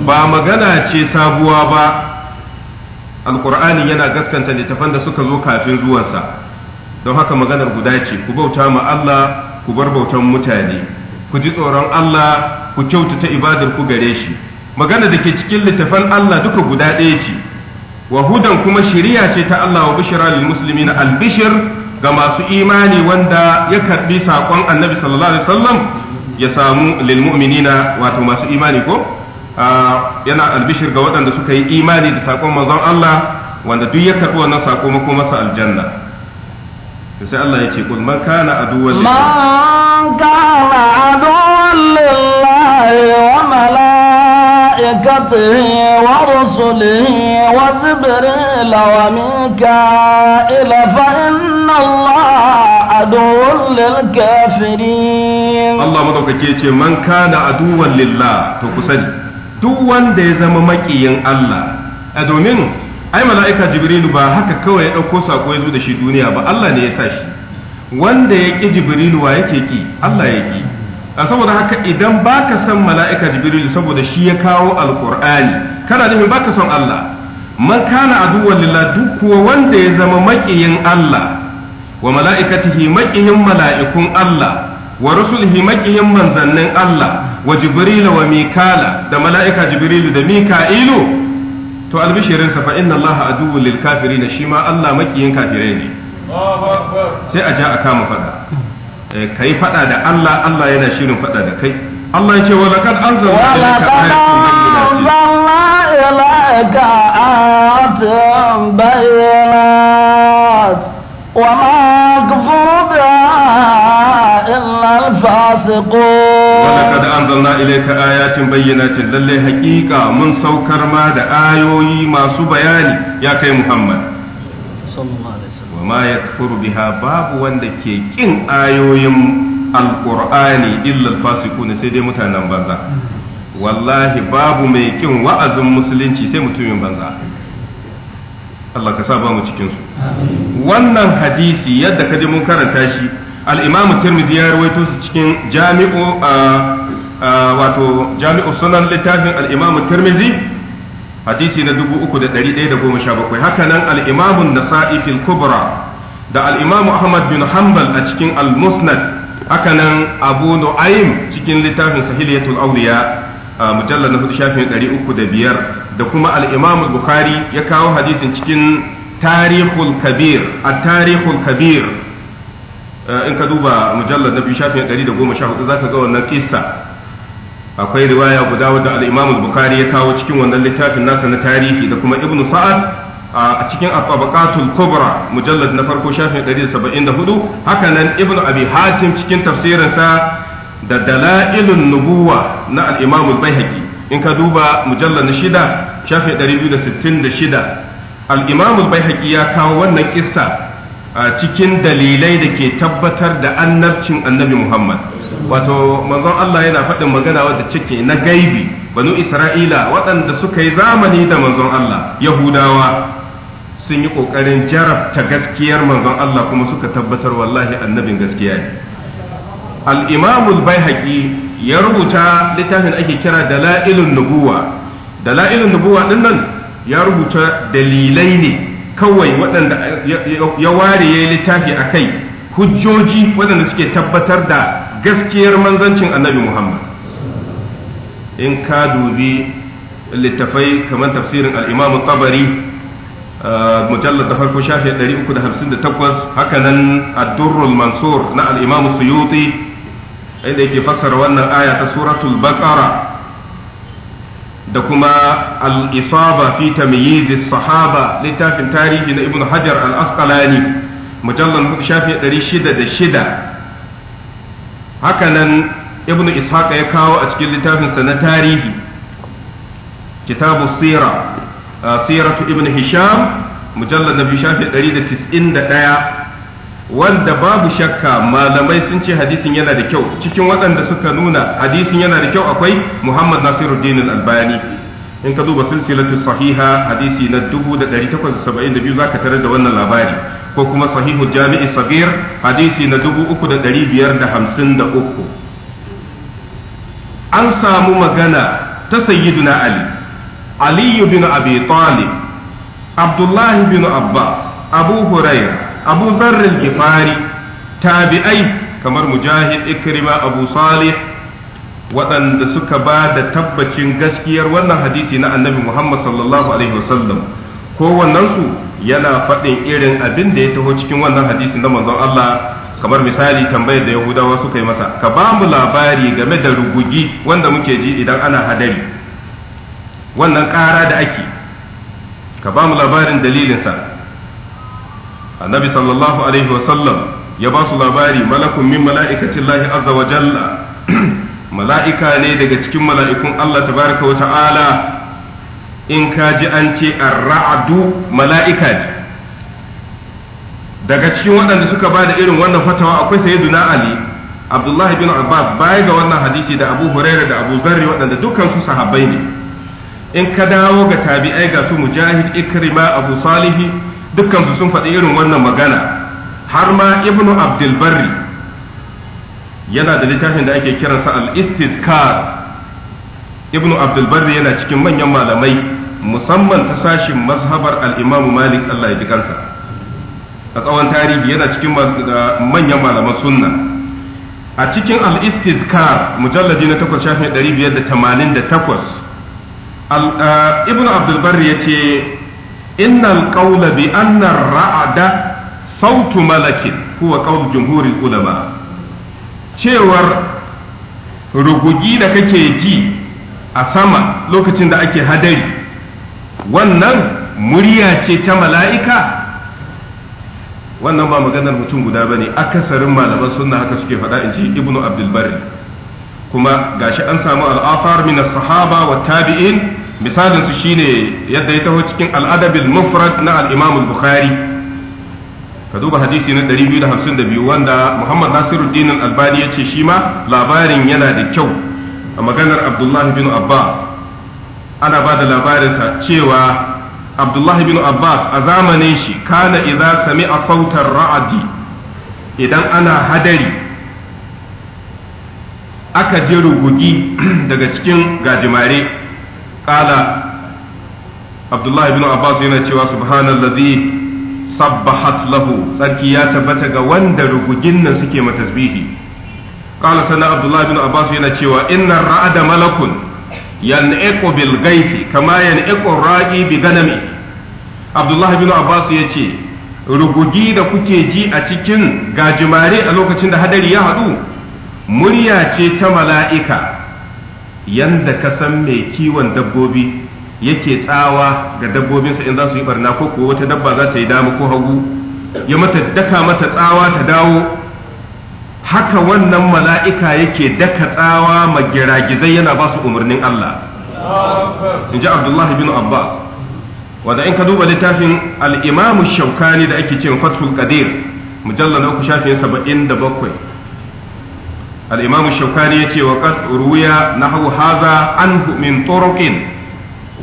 ba magana ce sabuwa ba alkur'ani yana gaskanta littafan da suka zo kafin zuwansa don haka maganar guda ce ku bauta ma Allah ku bar bautan mutane ku ji tsoron Allah ku kyautata ibadar ku gare shi magana da ke cikin littafan Allah duka guda ɗaya ce wa hudan kuma shiriya ce ta Allah wa bishira lil muslimin albishir ga masu imani wanda ya karbi saƙon annabi sallallahu alaihi wasallam ya samu lil mu'minina wato masu imani ko Ah, yana albishir ga waɗanda suka yi imani da sakon mazan Allah wanda duk ya karɓi wannan sako mako masa aljanna to sai Allah ya ce kul man kana aduwwan lillahi man kana aduwwan lillahi wa malaikatihi wa rusulihi wa jibril wa mika'il fa inna Allah aduwwan lil kafirin Allah madaukake ce man kana aduwwan lillah to ku sani duk wanda ya zama makiyin Allah a domin ai mala'ika jibrilu ba haka kawai ya ɗauko sako ya zo da shi duniya ba Allah ne ya sa shi wanda ya ƙi jibrilu wa yake ƙi Allah ya ƙi saboda haka idan baka san mala'ika jibrilu saboda shi ya kawo alkur'ani kana nufin baka son Allah man kana aduwwan lillah duk kuwa wanda ya zama maƙiyin Allah wa mala'ikatihi maƙiyin mala'ikun Allah wa rusulihi maƙiyin manzannin Allah wa jibril wa mikala da mala'ika jibril da mika'ilu to albishirin sa fa inna allaha aduwwul lil kafirin shi ma Allah makiyin kafirai ne sai a ja a kama fada eh, kai fada da Allah Allah yana shirin fada da kai Allah ya ce إلا الفاسقون ولقد أنزلنا إليك آيات بينات للي حقيقة من سوكر ما دا آيوي ما سبياني يا كي محمد صلى الله عليه وسلم وما يكفر بها باب وندكي كين آيوي القرآن إلا الفاسقون سيدي متانا بنزا wallahi babu mai kin wa'azin musulunci sai mutumin banza Allah ka sa ba mu cikinsu wannan hadisi yadda ka ji mun karanta shi al-imam ya rawaito su cikin jami'u wato jami'u sunan littafin al-imam tirmidhi hadisi na 3117 haka nan al-imam an-nasa'i fil kubra da al ahmad bin hanbal a cikin al-musnad haka abu nu'aym cikin littafin sahihiyatul awliya mujallal na hudu shafin ɗari uku da biyar da kuma al'imam bukhari ya kawo hadisin cikin tarihul kabir a tarihul kabir Eh, in ka duba mujallar na biyu shafin 114 zaka ga wannan kissa akwai riwaya guda wadda al-Imam al-Bukhari ya kawo cikin wannan littafin nasa na tarihi da kuma Ibn Sa'ad a cikin At-Tabaqatul Kubra mujallad na farko shafin 174 haka nan Ibn Abi Hatim cikin tafsirinsa da Dalailun Nubuwa na al-Imam al-Baihaqi in ka duba mujallar na shida shafin 266 al-Imam al-Baihaqi ya kawo wannan kissa a cikin dalilai da ke tabbatar da annabcin annabi Muhammad wato manzon Allah yana faɗin magana wadda cike na gaibi banu Isra'ila waɗanda suka yi zamani da manzon Allah Yahudawa sun yi ƙoƙarin jarabta gaskiyar manzon Allah kuma suka tabbatar wallahi annabin gaskiya ne al-Imam al-Baihaqi ya rubuta littafin ake kira Dala'ilun Nubuwa Dala'ilun Nubuwa dinnan ya rubuta dalilai ne kawai waɗanda ya ware ya yi littafi a kai hujjoji waɗanda suke tabbatar da gaskiyar manzancin annabi muhammad in ka dubi littafai kamar tafsirin al'imamu tabari uh, mujallar da farko shafi 358 haka nan addurrul mansur na al'imamu suyuti inda yake fassara wannan aya ta suratul baqara da kuma al-isaba fi tamyiz sahaba littafin tarihi na ibnu hajar al-asqalani mujallal shafi 606 haka nan Ibn Ishaqa ya kawo a cikin littafinsa na tarihi kitabu sira siratu ibnu hisham mujallal nabi shafi ɗaya. wanda babu shakka malamai sun ce hadisin yana da kyau cikin waɗanda suka nuna hadisin yana da kyau akwai Muhammad Nasiruddin Al-Albani in ka duba silsilatu sahiha hadisi na 1872 zaka tarar da wannan labari ko kuma sahihu jami'i sagir hadisi na 3553 an samu magana ta sayyiduna ali ali bin abi talib abdullah bin abbas abu hurairah abu zarrin kifari tabi'ai kamar mujahid ikrima abu salih waɗanda suka ba da tabbacin gaskiyar wannan hadisi na annabi muhammad sallallahu alaihi wasallam kowannensu yana faɗin irin abin da ya taho cikin wannan hadisi na manzon Allah kamar misali tambayar da yahudawa suka yi masa ka ba mu labari game da rugugi wanda muke ji idan ana hadari wannan ƙara da ake ka ba mu labarin dalilinsa annabi sallallahu alaihi sallam ya ba su labari malakun min mala'ikacin lahi azza wa jalla [CLEARS THROAT] mala'ika ne daga cikin mala'ikun Allah tabaraka wa ta'ala in ka ji an ce ar-ra'du mala'ika ne daga cikin waɗanda suka ba da irin wannan fatawa akwai sayyiduna ali abdullahi bin abbas baya ga wannan hadisi da abu huraira da abu zarri waɗanda dukkan su sahabbai ne in ka dawo ga tabi'ai ga su mujahid ikrima abu salihi dukkan su sun faɗi irin wannan magana har ma ibnu abdul barri yana da littafin da ake kiransa al-istizkar ibnu abdul barri yana cikin manyan malamai musamman ta sashin mazhabar al-imamu malik Allah ya ji kansa a tsawon tarihi yana cikin manyan malaman sunna a cikin al-istizkar mujalladi na takwas shafin 588 eh, ibnu abdul barri yace innal qawla bi anna ra'ada sautu malakin huwa qawl jumhuril cewar rugugi da kake ji a sama lokacin da ake hadari wannan murya ce ta mala'ika wannan ba maganar mutum guda ba ne akasarin malaman sunna haka suke faɗa in ji ibnu abdulbari kuma gashi an samu al'afar min sahaba wa tabi'in misalin su shine yadda ya taho cikin al'adabil mufrad na al al-bukhari ka duba hadisi na 252 wanda muhammad nasiruddin al-albani ya ce shi ma labarin yana da kyau a maganar abdullahi bin abbas ana ba da labarinsa cewa abdullahi bin abbas a zamanin shi kana idza sami'a sautar ra'adi idan ana hadari aka je rugugi daga cikin gajimare qala abdullahi bin abbas yana cewa subhanallazi sabbahat lahu tsarki ya tabbata ga wanda rugugin nan suke matasbihi qala sana abdullahi bin abbas yana cewa inna ra'ada malakun yan'iqu bil ghaifi kama yan'iqu ra'i bi ganami abdullahi ibn abbas yace rugugi da kuke ji a cikin gajimare a lokacin da hadari ya haɗu murya ce ta mala'ika yanda ka san mai kiwon dabbobi yake tsawa ga dabbobinsa in za su yi barna ko kuwa wata dabba za ta yi dama ko hagu ya mata daka mata tsawa ta dawo haka wannan mala'ika yake daka tsawa magiragizai yana ba su umarnin Allah in ji Abdullah bin Abbas wanda in ka duba littafin al'imamu shaukani ne da ake cewa Fathul Qadir mujallal uku shafin 77 al Shaukari ya ce wa qad ruwiya nahwu hadha anhu min turuqin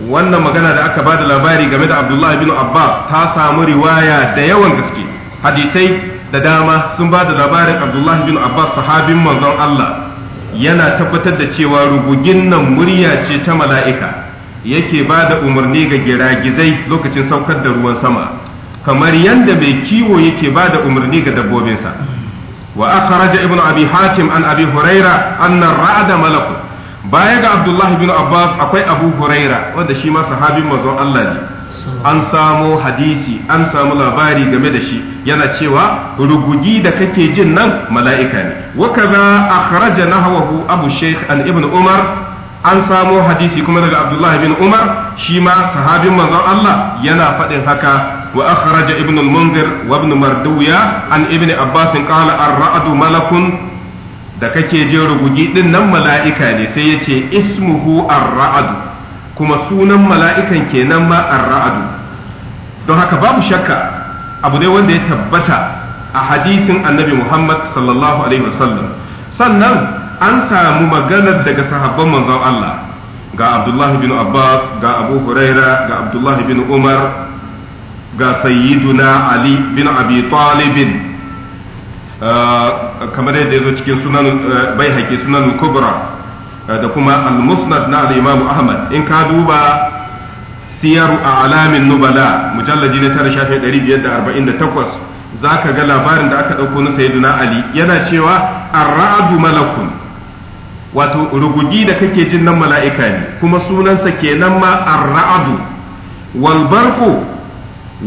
wannan magana da aka ba da labari game da Abdullah bin Abbas ta samu riwaya da yawan gaske hadisai da dama sun bada labarin Abdullah ibn Abbas sahabin manzon Allah yana tabbatar da cewa rubugin nan murya ce ta mala'ika yake bada umarni ga giragizai lokacin saukar da ruwan sama kamar yadda mai kiwo yake bada umarni ga dabbobinsa وأخرج ابن أبي حاتم عن أبي هريرة أن الرعد ملك baya ga Abdullahi bin Abbas akwai Abu Huraira wanda shi ma sahabin manzon Allah an samo hadisi an samu labari game da shi yana cewa rugugi da kake jin nan mala'ika ne wa na akhraja nahwahu Abu Sheikh an Ibn Umar an samo hadisi kuma daga Abdullahi bin Umar shi ma sahabin manzon Allah yana faɗin haka وأخرج ابن المنذر an مردوية عن ابن عباس قال الرعد ملك da kake jin rugugi din nan mala'ika ne sai yace ce ismuhu arra'adu kuma sunan mala'ikan kenan ma arra'adu don haka babu shakka abu dai wanda ya tabbata a hadisin annabi Muhammad sallallahu alaihi wasallam sannan an samu maganar daga sahabban manzon Allah ga Abdullahi bin Abbas ga Abu Huraira ga Abdullahi bin Umar ga sayyiduna ali bin abi talibin ah, kamar yadda ya zo cikin sunan ah, bai haƙi sunan kubra ah, da kuma al-musnad na al-imam ahmad in ka duba siyar a alamin nubala mujallaji na tara shafi ɗari biyar da arba'in da takwas za ka ga labarin da aka ɗauko na sayyiduna ali yana cewa arra'adu malakun wato rugugi da kake jin nan mala'ika ne kuma sunansa kenan ma arra'adu wal barku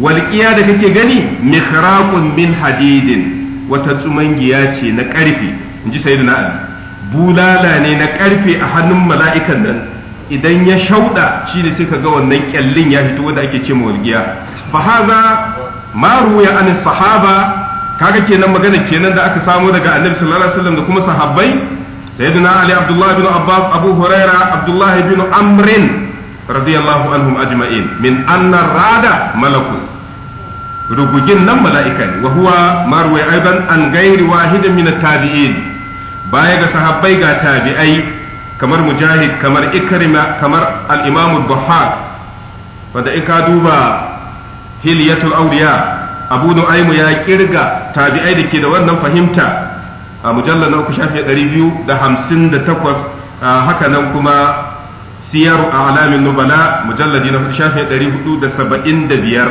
walƙiya da kake gani mihrakun min hadidin wata tsumangiya ce na karfe. in ji sayyidina ali bulala ne na karfe a hannun mala'ikan nan idan ya shauɗa shi ne sai ka ga wannan ƙyallin ya fito wanda ake ce walƙiya fa haza ma ruya an sahaba kaga kenan magana kenan da aka samu daga annabi sallallahu alaihi wasallam da kuma sahabbai sayyidina ali abdullahi bin abbas abu huraira abdullahi bin amrin radiyallahu anhum ajma'in min anna rada malakun rugugin nan mala'ika ne wa huwa marwai aiban an gairi wahidin min tabi'in baya ga sahabbai ga tabi'ai kamar mujahid kamar ikrima kamar al-imam ad-dhahhak wanda in ka duba hilyatul awliya abu nu'aymu ya kirga tabi'ai da ke da wannan fahimta a mujallar na uku shafi ɗari biyu da hamsin da takwas ah, haka nan kuma siyar a'lamin nubala mujalladi na da da biyar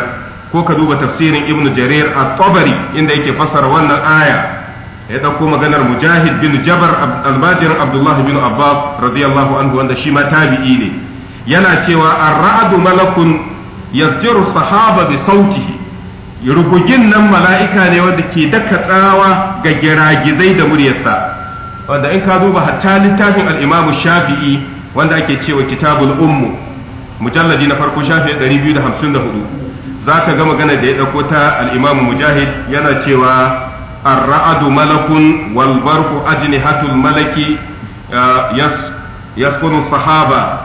ko ka duba tafsirin ibnu jarir a tabari inda yake fassara wannan aya ya dauko maganar mujahid bin jabar almajirin abdullah bin abbas radiyallahu anhu wanda shi ma tabi'i ne yana cewa ar malakun yazjiru sahaba bi sautihi rugugin nan mala'ika ne wanda ke daka tsawa ga giragizai da muryarsa wanda in ka duba hatta littafin al-imamu shafi'i wanda ake cewa kitabul ummu mujalladi na farko shafi 254 ka ga magana da ya dauko ta al mujahid yana cewa ar-ra'du malakun wal barqu ajnihatul malaki eh, yas yaskunu sahaba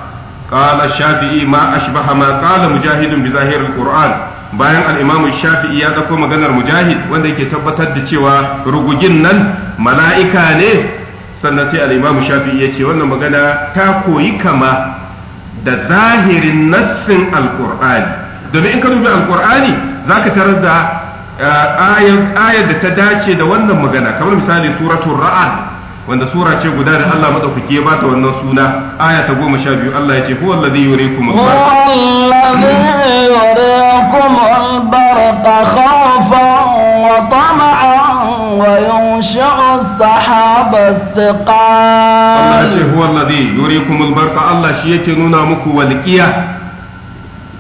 ma ashbaha ma أشبه ما bi zahir al-qur'an bayan al-imam shafi'i ya dauko maganar mujahid wanda yake tabbatar da cewa rugugin nan mala'ika ne sannan sai al-imamu shafi'i ce wannan magana ta koyi kama da zahirin nassin alqur'ani domin in ka dubi alqur'ani zaka tarar da eh, ayar da ta dace da wannan magana kamar misali suratul ra'ad wanda sura ce guda da Allah madaukaki ya bata wannan suna aya ta goma sha biyu Allah ya ce huwa huwa alladhi yurikum al-barqa يغشع السحاب الثقال الله هو الذي يريكم البرق الله شيء يكنونا مكو والكيا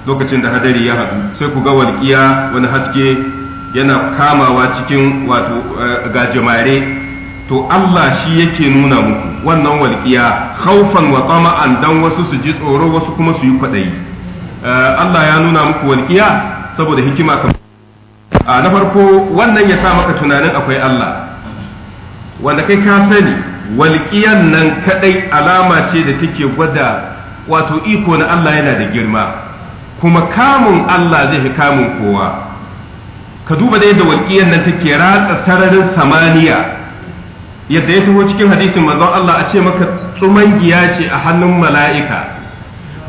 lokacin da hadari ya haɗu sai ku ga walƙiya wani haske yana kamawa cikin wato gajimare to Allah shi yake nuna muku wannan walƙiya haufan wa tsama'an dan wasu su ji tsoro wasu kuma su yi kwaɗayi Allah ya nuna muku walƙiya saboda hikima kamar na farko wannan ya sa maka tunanin akwai Allah wanda kai ka sani walƙiyan nan kaɗai alama ce da take gwada wato iko na Allah yana da girma kuma kamun Allah zai fi kamun kowa ka duba da yadda walƙiyan nan take ratsa sararin samaniya yadda ya taho cikin hadisin manzon Allah a ce maka giya ce a hannun mala'ika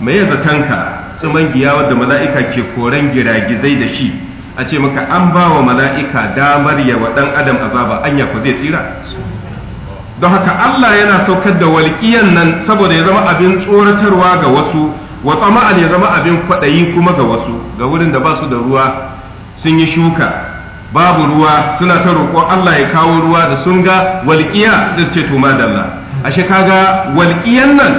me ya zatanka giya wadda mala'ika ke koran giragizai da shi a ce maka an ba wa mala'ika damar yawa ɗan adam azaba anya ku zai tsira don haka Allah yana saukar da walƙiyan nan saboda ya zama abin tsoratarwa ga wasu wa tsama'an ya zama abin kwaɗayi kuma ga wasu ga wurin da ba su da ruwa sun yi shuka babu ruwa suna ta roƙo Allah ya kawo ruwa da sun ga walƙiya da su ce to madalla ashe kaga walƙiyan nan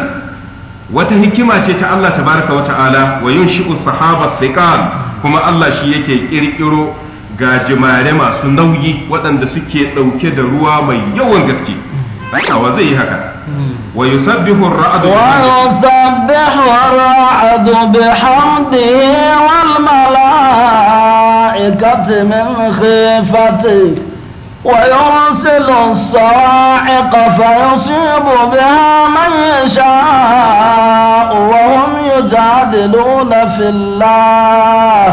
wata hikima ce ta Allah tabaraka wa ta'ala wa yunshi'u sahaba thiqal kuma Allah shi yake kirkiro gajimare masu nauyi waɗanda suke ɗauke da ruwa mai yawan gaske wa zai yi haka wa yusabbihu ar-ra'd wa yusabbihu ar-ra'd bihamdihi wal malaa'ikatu min khifatihi ويرسل الصاعق فيصيب بها من يشاء وهم يجادلون في الله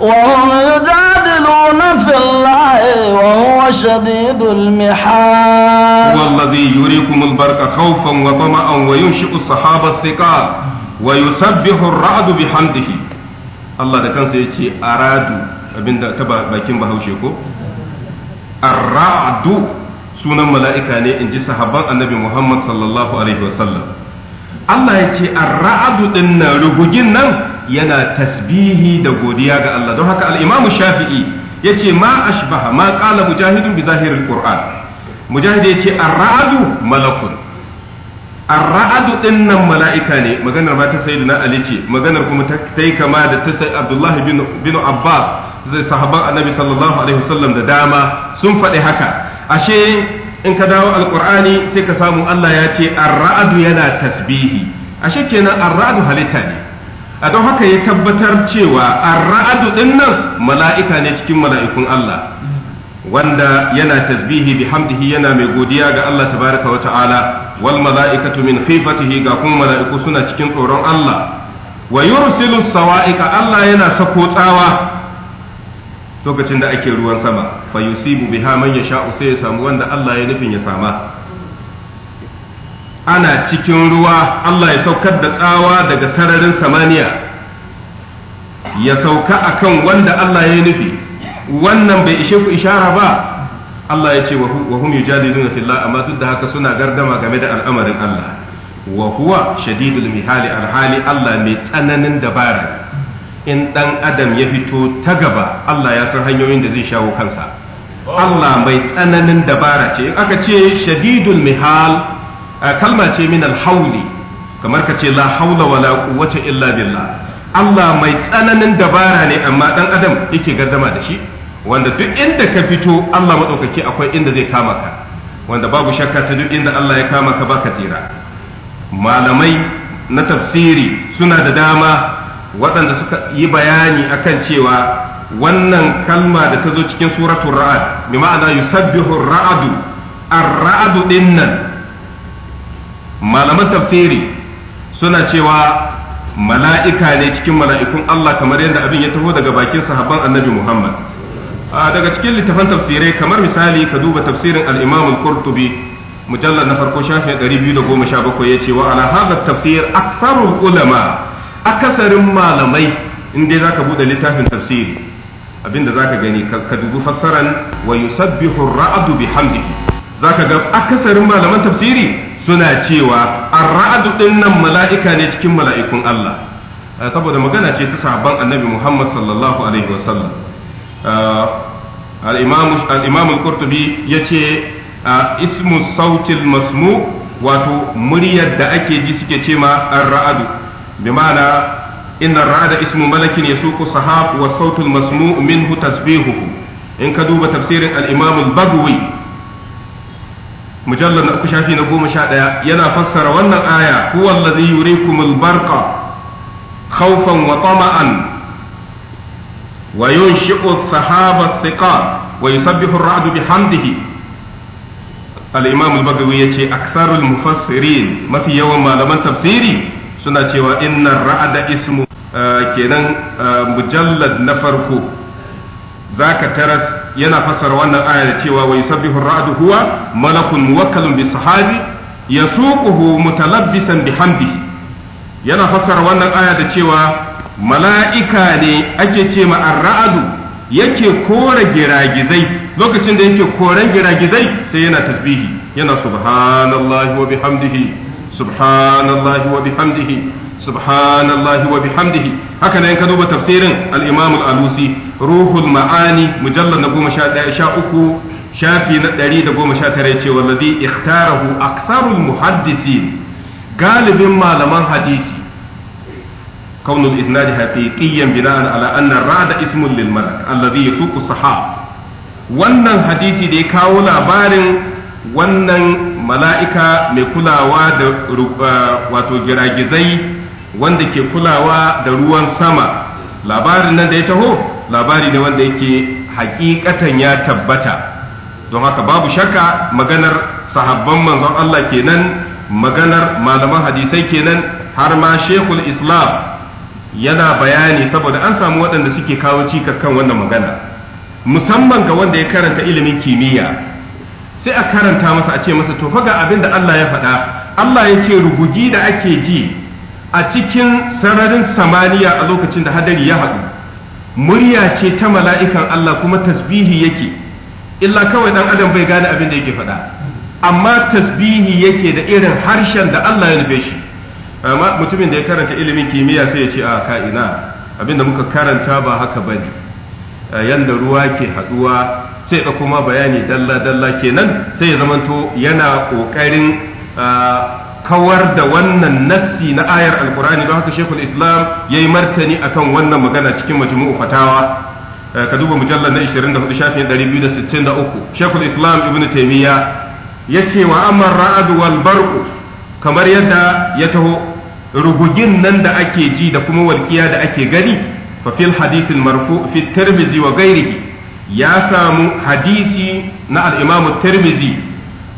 وهم يجادلون في الله وهو شديد المحال هو الذي يريكم البرق خوفا وطمعا وينشئ الصحابة الثقال ويسبح الرعد بحمده الله ده كان سيتي اراد abin ده تبا باكين bahaushe ko الرعد sunan ملائكه ne in ji sahabban annabi muhammad sallallahu alaihi wasallam Allah ya ce arra'adu raadu din nan rugugin nan yana tasbihi da godiya ga Allah don haka alimamu imam Shafi'i ce ma ashbaha ma ƙala mujahidun bi zahirin Qur'an mujahid ya ce raadu malakun ar-ra'adu nan mala'ika ne maganar ba ta sayyidina Ali ce maganar kuma ta yi kama da ta sai Abdullahi bin bin Abbas zai sahaban Annabi sallallahu alaihi wasallam da dama sun faɗi haka ashe in ka dawo alkur'ani sai ka samu Allah ya ce ar-ra'du yana tasbihi ashe kenan ar-ra'du halitta ne a don haka ya tabbatar cewa ar-ra'du nan mala'ika ne cikin mala'ikun Allah wanda yana tasbihi bihamdihi yana mai godiya ga Allah tabaraka wa ta'ala wal mala'ikatu min khifatihi ga kuma mala'iku suna cikin tsoron Allah wa yursilu sawa'ika Allah yana sako tsawa lokacin da ake ruwan sama fa yusibu biha man yasha sai ya samu wanda Allah ya nufin ya sama ana cikin ruwa Allah ya saukar da tsawa daga sararin samaniya ya sauka akan wanda Allah ya nufi wannan bai ishe ku ishara ba Allah ya ce wa hum yujadiluna fillah amma duk da haka suna gardama game da al'amarin Allah wa huwa shadidul mihali alhali Allah mai tsananin dabara in ɗan adam ya fito ta gaba Allah ya san hanyoyin da zai shawo kansa Allah mai tsananin dabara ce in aka ce shadidul mihal kalma ce min alhauli kamar ka ce la haula wala quwwata illa billah Allah mai tsananin dabara ne amma ɗan adam yake gardama da shi wanda duk inda ka fito Allah maɗaukaki akwai inda zai kama ka wanda babu shakka ta duk inda Allah ya kama ka baka tsira malamai na tafsiri suna da dama waɗanda suka yi bayani akan cewa wannan kalma da ta zo cikin suratul ra'ad bi ma'ana yusabbihu ar-ra'du ar-ra'du dinnan malaman tafsiri suna cewa mala'ika ne cikin mala'ikun Allah kamar yadda abin ya taho daga bakin sahabban Annabi Muhammad A daga cikin littafan tafsirai kamar misali ka duba tafsirin al-Imam al-Qurtubi mujallad na farko shafi 217 yace wa ala hadha tafsir aksarul ulama akasarin malamai in dai zaka bude littafin tafsiri abinda zaka gani ka dubi fassaran wa yusabbihu ar-ra'du bihamdihi zaka ga akasarin malaman tafsiri suna cewa ar-ra'du dinnan mala'ika ne cikin mala'ikun Allah eh, saboda magana ce ta sahabban Annabi Muhammad sallallahu alaihi wasallam eh, al-imam al-imam al-qurtubi yace eh, ismu sautil masmu wato muryar da ake ji suke cema an ar-ra'du بمعنى إن الرعد اسم ملك يسوق الصحاب والصوت المسموع منه تسبيحه إن كدوب تفسير الإمام البغوي مجلد أكو شافي نقوم شاء ينا فسر وأن آية هو الذي يريكم البرق خوفا وطمعا وينشئ الصحاب الثقال ويسبح الرعد بحمده الإمام البغوي يتي أكثر المفسرين ما في يوم ما لمن تفسيري suna cewa inna ra'ada ismu uh, kenan uh, mujallad na farko zaka taras yana fasara wannan aya da cewa wa yusabbihu ra'adu huwa malakun muwakkalun bi sahabi yasuquhu mutalabbisan bihamdihi yana fassara wannan aya da cewa mala'ika ne ake ce ma ar-ra'adu yake kore giragizai lokacin da yake koren giragizai sai yana tasbihi yana subhanallahi wa bihamdihi subhanallahi wa bihamdihi subhanallahi wa bihamdihi haka nan ka duba tafsirin al-Imam alusi ruhul ma'ani mujallar na 11 sha uku shafi na 119 yace wallazi ikhtarahu aksarul galibin malaman hadisi كون الإسناد حقيقيا بناء على أن الرعد اسم للملك الذي يسوق الصحاب wannan hadisi da ya kawo labarin wannan mala'ika mai kulawa da uh, wato giragizai wanda ke kulawa da ruwan sama labarin nan da ya taho labari ne wanda yake hakikatan ya tabbata don haka babu shakka maganar sahabban manzon Allah kenan maganar malaman hadisai kenan har ma shekul islam yana bayani saboda an samu waɗanda suke kawo cikas kan wannan magana musamman ga wanda ya karanta ilimin kimiyya sai a karanta masa a ce masa to faga abin da Allah ya faɗa Allah ya ce rugugi da ake ji a cikin sararin samaniya a lokacin da hadari ya haɗu murya ce ta mala'ikan Allah kuma tasbihi yake illa kawai dan adam bai gane abin da yake faɗa amma tasbihi yake da irin harshen da Allah ya nufe shi amma mutumin da ya karanta ilimin kimiyya sai ya ce a ka'ina abin da muka karanta ba haka bane yanda ruwa ke haɗuwa sai ya kuma bayani dalla dalla kenan sai ya zamanto yana ƙoƙarin kawar da wannan nassi na ayar alkur'ani don haka shekul islam ya yi martani akan wannan magana cikin majmu'u fatawa ka duba mujallar na 24 shafin 263 shekul islam ibn taimiyya ya ce wa amar ra'adu wal barku kamar yadda ya taho rugugin nan da ake ji da kuma walƙiya da ake gani fa fil hadisin marfu fi tirmizi wa ghairihi ya samu hadisi na al-Imam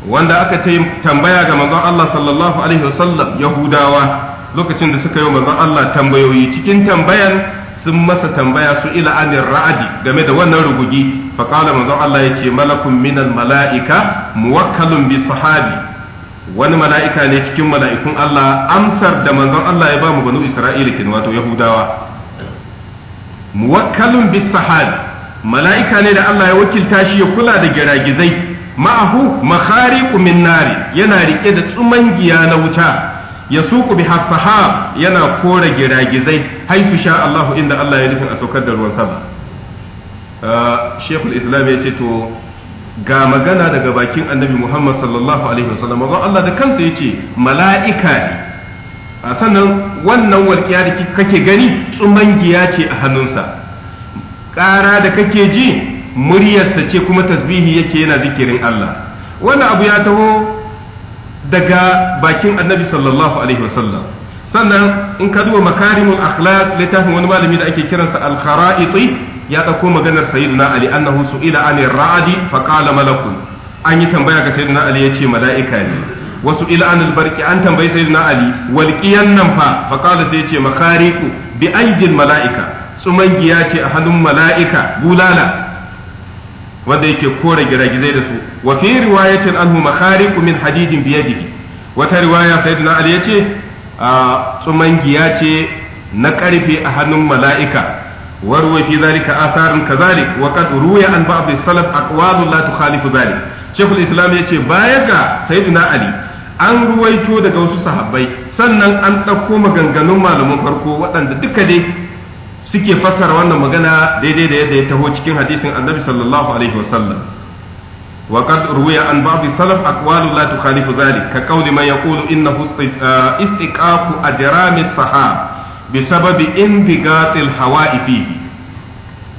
wanda aka tambaya ga manzon Allah sallallahu alaihi wasallam Yahudawa lokacin da suka yi manzon Allah tambayoyi cikin tambayan sun masa tambaya su ila anir ra'adi game da wannan rugugi fa qala manzon Allah yace malakun minal mala'ika muwakkalun bi sahabi wani mala'ika ne cikin mala'ikun Allah amsar da manzon Allah ya ba mu banu Isra'ila kin wato Yahudawa muwakkalun bi sahabi mala'ika ne da Allah ya wakilta shi ya kula da giragizai ma'ahu makhariqu min nari yana rike da giya na wuta ya suku bi hafaha yana kora giragizai haifu sha Allahu inda Allah ya nufin a saukar da ruwan sama ah, Sheikhul Islam ya ce to ga magana daga bakin Annabi Muhammad sallallahu alaihi wasallam Allah da kansa ya ce mala'ika ah, sannan wannan walƙiya da kake gani tsuman giya ce a hannunsa ƙara da kake ji muryarsa ce kuma tasbihi yake yana zikirin Allah wannan abu ya taho daga bakin annabi sallallahu alaihi wasallam sannan in ka duba makarimul akhlaq littafin wani malami da ake kiransa al-kharaiti ya dauko maganar sayyidina ali annahu su'ila anir ra'di fa qala malakun an yi tambaya ga sayyidina ali yace mala'ika ne wasu ila anil barki an tambayi sayyidina ali walqiyan nan fa fa qala sai yace makariku bi aidil mala'ika tsumangiya ce a hannun mala'ika bulala wanda yake kore giragizai da su wa fi riwayatin anhu makhariqu min hadidin biyadihi wata riwaya sayyidina ali yace a tsumangiya ce na karfe a hannun mala'ika warwai fi zalika asarin kazali wa qad ruya an ba'd salaf aqwalu la tukhalifu zalik shaykhul islam yace baya ga sayyidina ali an ruwaito daga wasu sahabbai sannan an ɗauko maganganun malaman farko waɗanda duka dai suke fassara wannan magana daidai da yadda ya taho cikin hadisin annabi sallallahu alaihi wasallam wa qad ruwiya an ba'd salaf aqwalu la tukhalifu zalik ka qawli man yaqulu innahu ah, istiqafu ajrami sahab bi sababi indigatil hawa'i fihi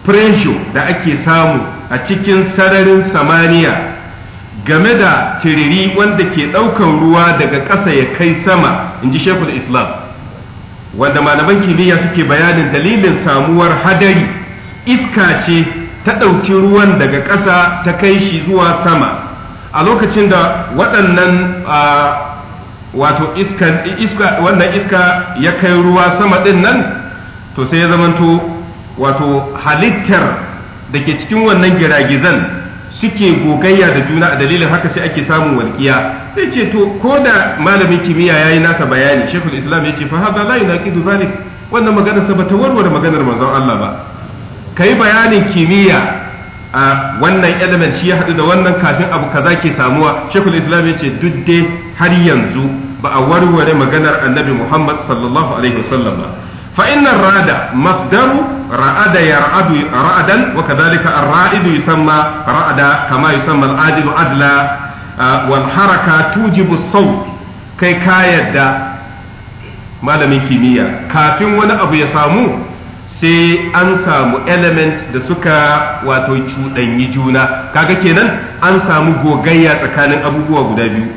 pressure da ake samu a cikin sararin samaniya game da tiriri wanda ke daukan ruwa daga ƙasa ya kai sama inji shekul islam wanda malaman kimiyya suke bayanin dalilin samuwar hadari iska ce ta ɗauki ruwan daga ƙasa ta kai shi zuwa sama a lokacin da waɗannan wato iska wannan iska ya kai ruwa sama ɗin nan to sai ya zamanto wato halittar da ke cikin wannan giragizan suke gogayya da juna a dalilin haka sai ake samun walƙiya sai ce to ko da malamin kimiyya ya yi nasa bayani shekul islam ya ce fa hada la yunaqidu zalik wannan maganar sa bata warware maganar manzon Allah ba Ka yi bayanin kimiyya a wannan element shi ya haɗu da wannan kafin abu kaza ke samuwa shekul islam ya ce duk dai har yanzu ba a warware maganar annabi muhammad sallallahu alaihi wasallam ba فإن الراد مصدر رأد يرعد رعدا وكذلك الرائد يسمى رعدا كما يسمى العادل عدلا والحركة توجب الصوت كي كايدا malamin kimiyya kafin wani abu ya samu sai an samu element da suka wato cuɗanyi juna kaga kenan an samu gogayya tsakanin abubuwa guda biyu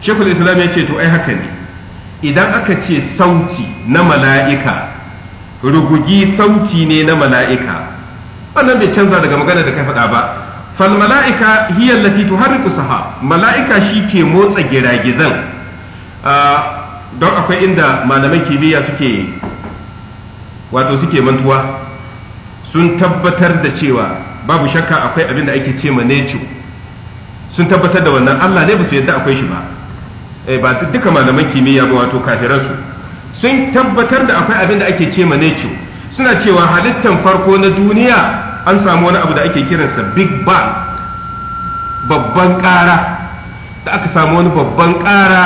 shekul islam ya ce to ai haka ne idan aka ce sauti na mala'ika rugugi sauti ne na mala'ika wannan bai canza daga magana da kai faɗa ba fal mala'ika hiya har tuharriku saha mala'ika shi ke motsa giragizan ah, don akwai inda malaman kimiyya suke wato suke mantuwa sun tabbatar da cewa babu shakka akwai abin da ake ce ma nature sun tabbatar da wannan Allah ne ba su yadda akwai shi ba eh, ba duka malaman kimiyya ba wato kafiransu sun tabbatar da akwai abin da ake ce ma nature suna cewa halittan farko na duniya an samu wani abu da ake kiransa big bang babban ƙara da aka samu wani babban ƙara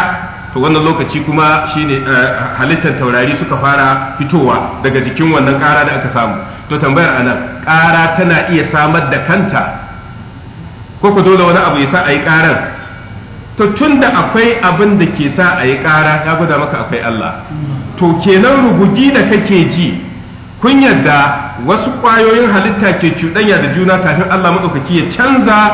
to wannan lokaci kuma shine eh, halittar taurari suka fara fitowa daga jikin wannan ƙara da aka samu to tambayar anan ƙara tana iya samar da kanta ko ku dole wani abu ya sa a yi ƙarar to tunda akwai abin da ke sa a yi ƙara ya gwada maka akwai Allah to kenan rugugi da kake ji kun yadda wasu ƙwayoyin halitta ke cuɗanya da juna kafin Allah maɗaukaki ya canza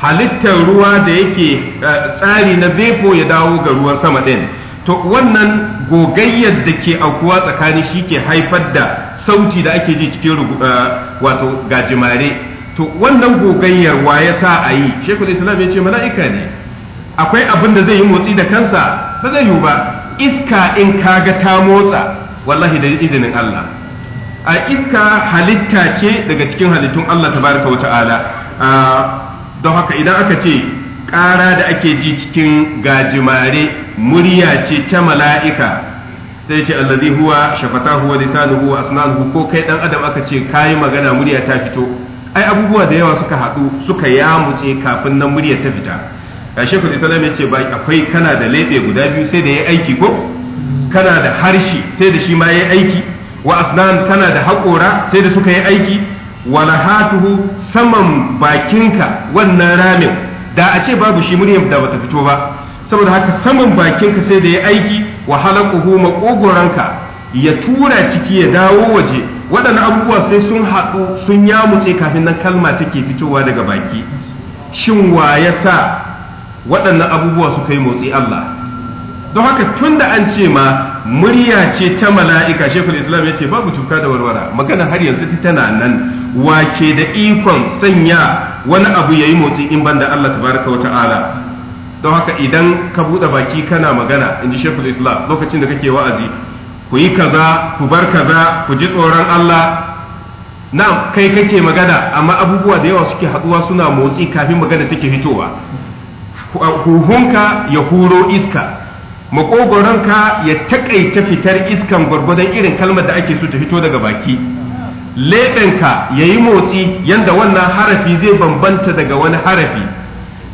halittar ruwa da yake eh, tsari na befo ya dawo ga ruwan sama ɗin to wannan gogayyar da ke aukuwa tsakani shi ke haifar da sauti da ake ji cikin eh, wato gajimare to wannan gogayyar wa ya sa a yi shekul islam ya ce mala'ika ne akwai abin da zai yi motsi da kansa ta zai yi ba iska in ka ga ta motsa wallahi da izinin Allah a iska halitta ce daga cikin halittun Allah ta baraka wa ta'ala don haka idan aka ce ƙara da ake ji cikin gajimare murya ce ta mala'ika sai ce allazi huwa shafatahu wa lisanuhu wa asnanuhu ko kai dan adam aka ce yi magana murya ta fito ai abubuwa da yawa suka haɗu suka yamuce kafin nan murya ta fita ya shekul islam ya ce ba akwai kana da leɓe guda biyu sai da ya aiki ko kana da harshe sai da shi ma ya aiki wa asnan kana da haƙora sai da suka yi aiki wa lahatuhu saman bakinka wannan ramin da a ce babu shi muryar da bata fito ba saboda haka saman bakinka sai da ya aiki wa halakuhu maƙogoranka ya tura ciki ya dawo waje waɗannan abubuwa sai sun haɗu sun yamutse kafin nan kalma take fitowa daga baki shin wa ya sa waɗannan abubuwa suka yi motsi Allah don haka tun da an ce ma murya ce ta mala'ika shekul islam ya ce babu cuka da warwara magana har yanzu tana nan wake da ikon sanya wani abu ya yi motsi in banda Allah tabaraka wa ta'ala don haka idan ka buɗe baki kana magana in ji shekul islam lokacin da kake wa'azi ku yi kaza ku bar kaza ku ji tsoron Allah na'am kai kake magana amma abubuwa da yawa suke haduwa suna motsi kafin magana take fitowa uh, huhunka ya huro iska makogoronka ya takaita fitar iskan gwargwadon irin kalmar da ake so ta fito daga baki leɓenka ya yi motsi yanda wannan harafi zai bambanta daga wani harafi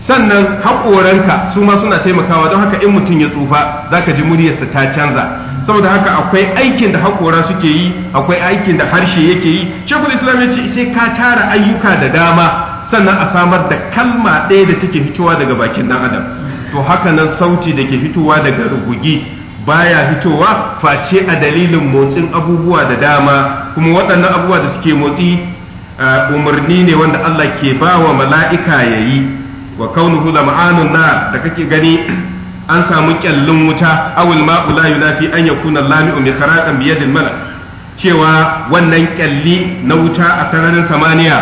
sannan haƙoranka su ma suna taimakawa don haka in mutum ya tsufa za ka ji muryarsa ta canza saboda haka akwai aikin da haƙora suke yi akwai aikin da harshe yake yi shekul islam ya ce sai ka tara ayyuka da dama sannan a samar da kalma ɗaya da take fitowa daga bakin ɗan adam to haka nan sauti da ke fitowa daga rugugi baya fitowa face a dalilin motsin abubuwa da dama kuma waɗannan abubuwa da suke motsi eh, umarni ne wanda Allah ke ba wa mala'ika ya yi wa kaunuhu lam'anun na da kake gani an samu kyallin wuta awul ma'u la yunafi an yakuna lami'u mikharaqan bi yadil malak cewa wannan kyalli na wuta a sararin samaniya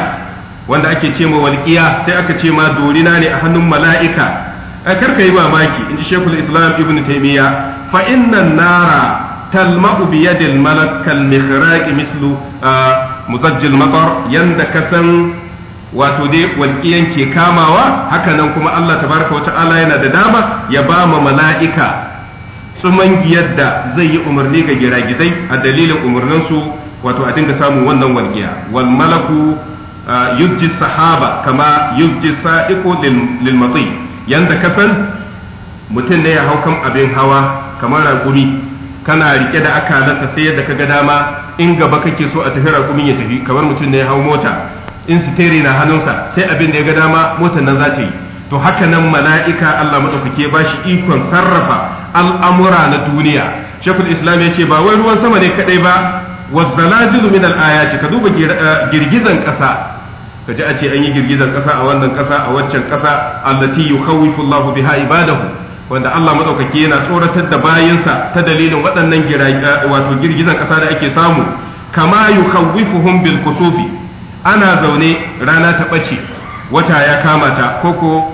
wanda ake ce ma walƙiya sai aka ce ma dorina ne a hannun mala'ika a karka yi mamaki inji ji shekul islam ibn taimiyya fa innan nara talma'u bi yadil malak kal mihraqi mislu ah, muzajjil matar yanda san. wato dai walƙiyan ke kamawa hakanan kuma Allah tabaraka wa ta'ala yana da dama ya ba mu mala'ika tsuman giyar da zai yi umarni ga giragidai a dalilin umarninsu wato a dinga samun wannan walƙiya wal malaku yujji sahaba kama yujji sa'iqu lil matsi yanda kasan mutum ne ya hau kan abin hawa kamar raguni kana rike da aka akalansa sai yadda kaga dama in gaba kake so a tafi ragumin ya tafi kamar mutum ne ya hau mota in sitere na hannunsa sai abin da ya ga dama motar nan za ta yi to haka nan mala'ika Allah madaukake ba shi ikon sarrafa al'amura na duniya shekul islam ya ce ba wai ruwan sama ne kadai ba wazzalajilu min al'ayati ka duba eh, girgizan ƙasa ka ji a ce an yi girgizan ƙasa a wannan ƙasa a waccan ƙasa allati yukhawifu Allah biha ibadahu wanda Allah madaukake yana tsoratar da bayinsa ta dalilin waɗannan eh, wato girgizan ƙasa da ake samu kama yukhawifuhum bil kusufi ana zaune rana ta ɓace wata ya kama ta koko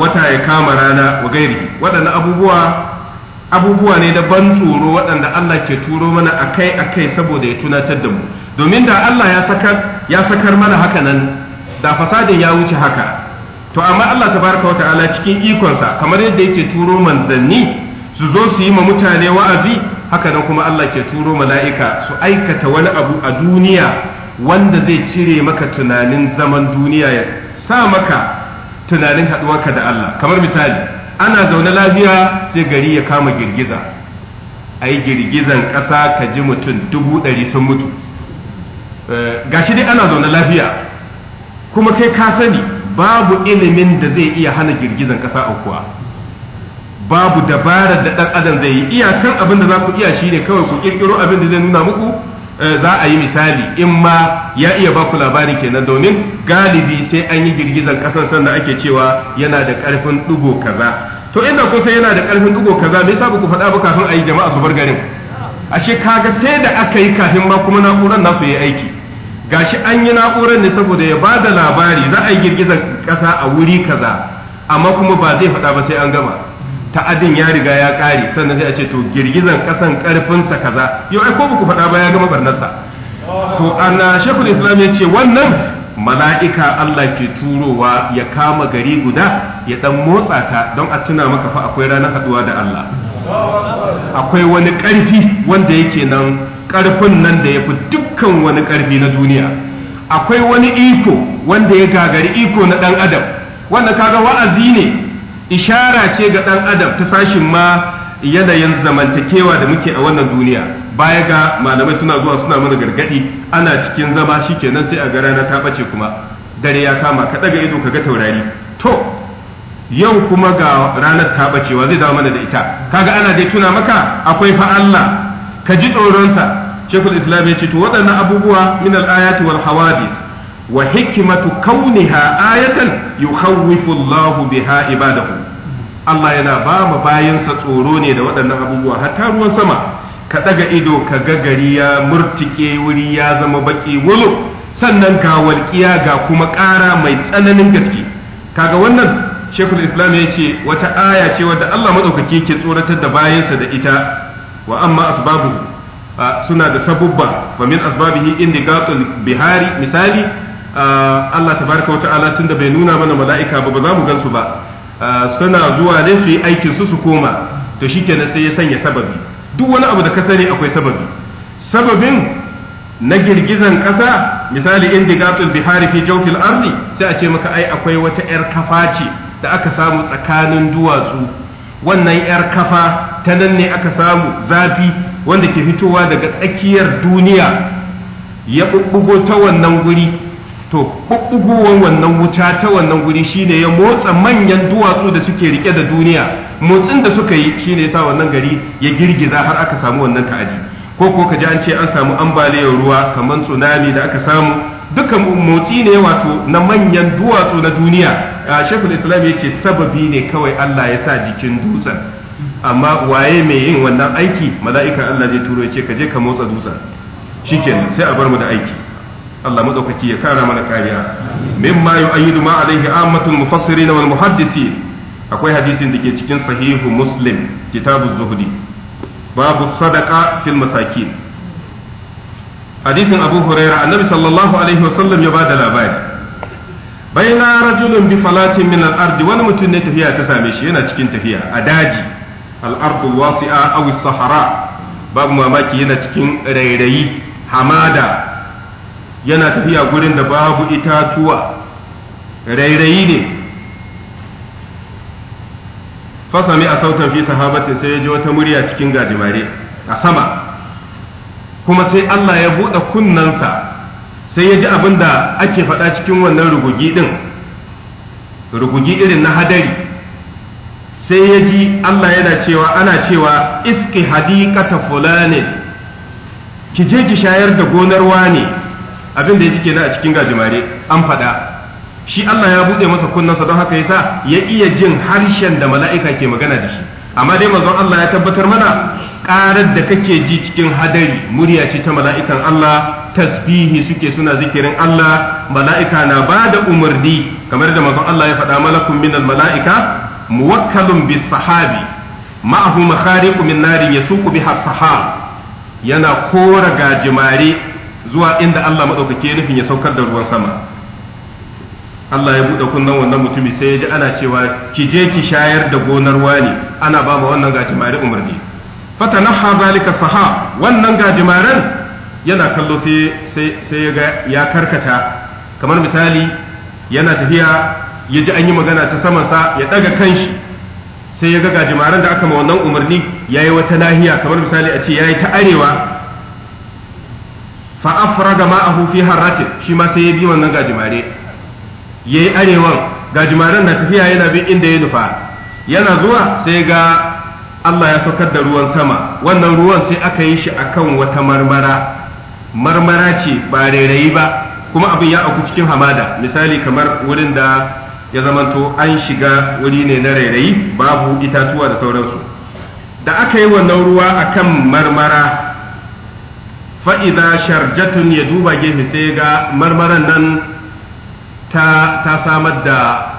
wata ya kama rana wa gairi waɗannan abubuwa abubuwa ne da ban tsoro waɗanda Allah ke turo mana akai akai saboda ya tunatar da mu domin da Allah ya sakar ya sakar mana haka nan da fasadin ya wuce haka to amma Allah tabaraka wata'ala cikin ikonsa kamar yadda yake turo manzanni su zo su yi ma mutane wa'azi haka nan kuma Allah ke turo mala'ika su aikata wani abu a duniya wanda zai cire maka tunanin zaman duniya ya sa maka tunanin haɗuwarka da Allah kamar misali ana zaune lafiya sai gari ya kama girgiza a yi girgizan ƙasa ka ji mutum dubu ɗari sun mutu eh, gashi dai ana zaune lafiya kuma kai ka sani babu ilimin da zai iya hana girgizan ƙasa aukuwa babu dabarar da ɗan adam zai yi iyakan abin da za ku iya shi ne kawai ku ƙirƙiro abin da zai nuna muku Eh, za a yi misali in ma ya iya baku labari kenan domin galibi sai an yi girgizar kasar sannan ake cewa yana da karfin dugo kaza to inda ko sai yana da karfin dugo kaza me yasa ku faɗa ba kafin a yi jama'a su bar garin ashe kaga sai da aka yi kafin ma kuma na'urar nasu yi aiki gashi an yi na'urar ne saboda ya ba da labari za a yi girgizar kasa a wuri kaza amma kuma ba zai faɗa ba sai an gama ta'adin ya riga ya kare sannan sai a ce to girgizan ƙasan ƙarfinsa kaza yau ai ko buku faɗa ba ya gama barnarsa to ana shekul islam ya ce wannan mala'ika Allah ke turowa ya kama gari guda ya ɗan motsa ta don a tuna maka fa akwai ranar haduwa da Allah akwai wani ƙarfi wanda yake nan ƙarfin nan da ya fi dukkan wani ƙarfi na duniya akwai wani iko wanda ya gagari iko na ɗan adam wanda kaga wa'azi ne ishara ce ga ɗan adam ta sashin ma yanayin zamantakewa da muke a wannan duniya baya ga malamai suna zuwa suna mana gargaɗi ana cikin zama shikenan sai a ga rana ta ɓace kuma dare ya kama ka ɗaga ido ka ga taurari to yau kuma ga ranar ta ɓacewa zai dawo mana da ita kaga ana dai tuna maka akwai fa Allah ka ji tsoronsa shekul islam ya ce to waɗannan abubuwa min al-ayati wal hawadis wa hikimatu kauniha ayatan yukhawwifu Allahu biha ibadahu Allah yana ba mu bayansa tsoro ne da waɗannan abubuwa hatta ruwan sama ka ɗaga ido ka ga gari ya murtike wuri ya zama baki wulu sannan ga walƙiya ga kuma ƙara mai tsananin gaske kaga wannan shekul islam ya ce wata aya ce wadda Allah maɗaukaki ke tsoratar da bayansa da ita wa amma asbabu suna da sabubba asbabin yi asbabihi indiqatul bihari misali Ah, Allah ta tabaraka wa tun tunda bai nuna mana mala'ika ba ba za mu gansu ba ah, suna zuwa ne su yi aikin su su koma to shikenan sai ya sanya sababi duk wani abu da ka sani akwai sababi sababin na girgizan ƙasa misali indigatul bihari fi jawfil ardi sai a ce maka ai akwai wata yar kafa ce da aka samu tsakanin duwatsu wannan yar kafa ta nan ne aka samu zafi wanda ke fitowa daga tsakiyar duniya ya bubbugo ta wannan guri to ɓuɓɓugowar wannan wuta ta wannan guri shine ya motsa manyan duwatsu da suke rike da duniya motsin da suka yi shine ya sa wannan gari ya girgiza har aka samu wannan ta'adi ko ko ka ji an ce an samu ambaliyar ruwa kamar tsunami da aka samu dukan motsi ne wato na manyan duwatsu na duniya shekul islam ya ce sababi ne kawai allah ya sa jikin dutsen amma waye mai yin wannan aiki mala'ika allah zai turo ya ce ka je ka motsa dutsen shikenan sai a bar mu da aiki Allah ya kara mana kariya mimma yu'ayyidu ma alaihi ammatul mufassirin wal muhaddisin akwai hadisin da ke cikin sahihu muslim kitabu babu sadaka hadisin abu huraira annabi sallallahu alaihi wasallam labari baina rajulun bi ardi wani mutum ne tafiya ta same shi yana cikin tafiya a daji al wasi'a babu mamaki yana cikin rairayi hamada yana tafiya gurin da babu itatuwa rairayi ne fasami a sautan fi sahabati sai ya ji wata murya cikin gajimare a sama kuma sai Allah ya buɗe kunnensa sai ya ji abin da ake faɗa cikin wannan rugugi ɗin rugugi irin na hadari sai ya ji Allah yana cewa ana cewa iski hadikata fulani ki je ki shayar da gonarwa ne. abin da cike kenan a cikin gajimare an faɗa shi Allah ya buɗe masa kunnensa don haka yasa ya iya jin harshen da mala'ika ke magana da shi amma dai manzon Allah ya tabbatar mana ƙarar da kake ji cikin hadari murya ce ta mala'ikan Allah tasbihi suke suna zikirin Allah mala'ika na ba da umarni kamar da manzon Allah ya faɗa malakun minal mala'ika muwakkalun bis sahabi ma'ahu makhariqu min narin yasuqu biha sahab yana kora gajimare zuwa inda Allah madaukake nufin ya saukar da ruwan sama Allah ya buɗe kunnan wannan mutumi sai ya ji ana cewa ki je ki shayar da gonar wani ana ba ma wannan gajimare umarni fatanaha zalika saha wannan gajimaren yana kallo sai sai ya ga ya karkata kamar misali yana tafiya ya ji an yi magana ta saman sa ya daga kanshi sai ya ga gajimaren da aka ma wannan umarni yayi wata lahiya. kamar misali a ce yayi ta arewa fa afraga ma'ahu fi harrati shi ma sai ya bi wannan gajimare yayi arewan gajimaren na tafiya yana bin inda ya nufa yana zuwa sai ga Allah ya saukar da ruwan sama wannan ruwan sai aka yi shi akan wata marmara marmara ce ba rairayi ba kuma abin ya auku cikin hamada misali kamar wurin da ya zamanto an shiga wuri ne na rairayi babu itatuwa da sauransu da aka yi wannan ruwa akan marmara fa'iza sharjatun ya duba gefe sai ga marmaran nan ta, ta samar da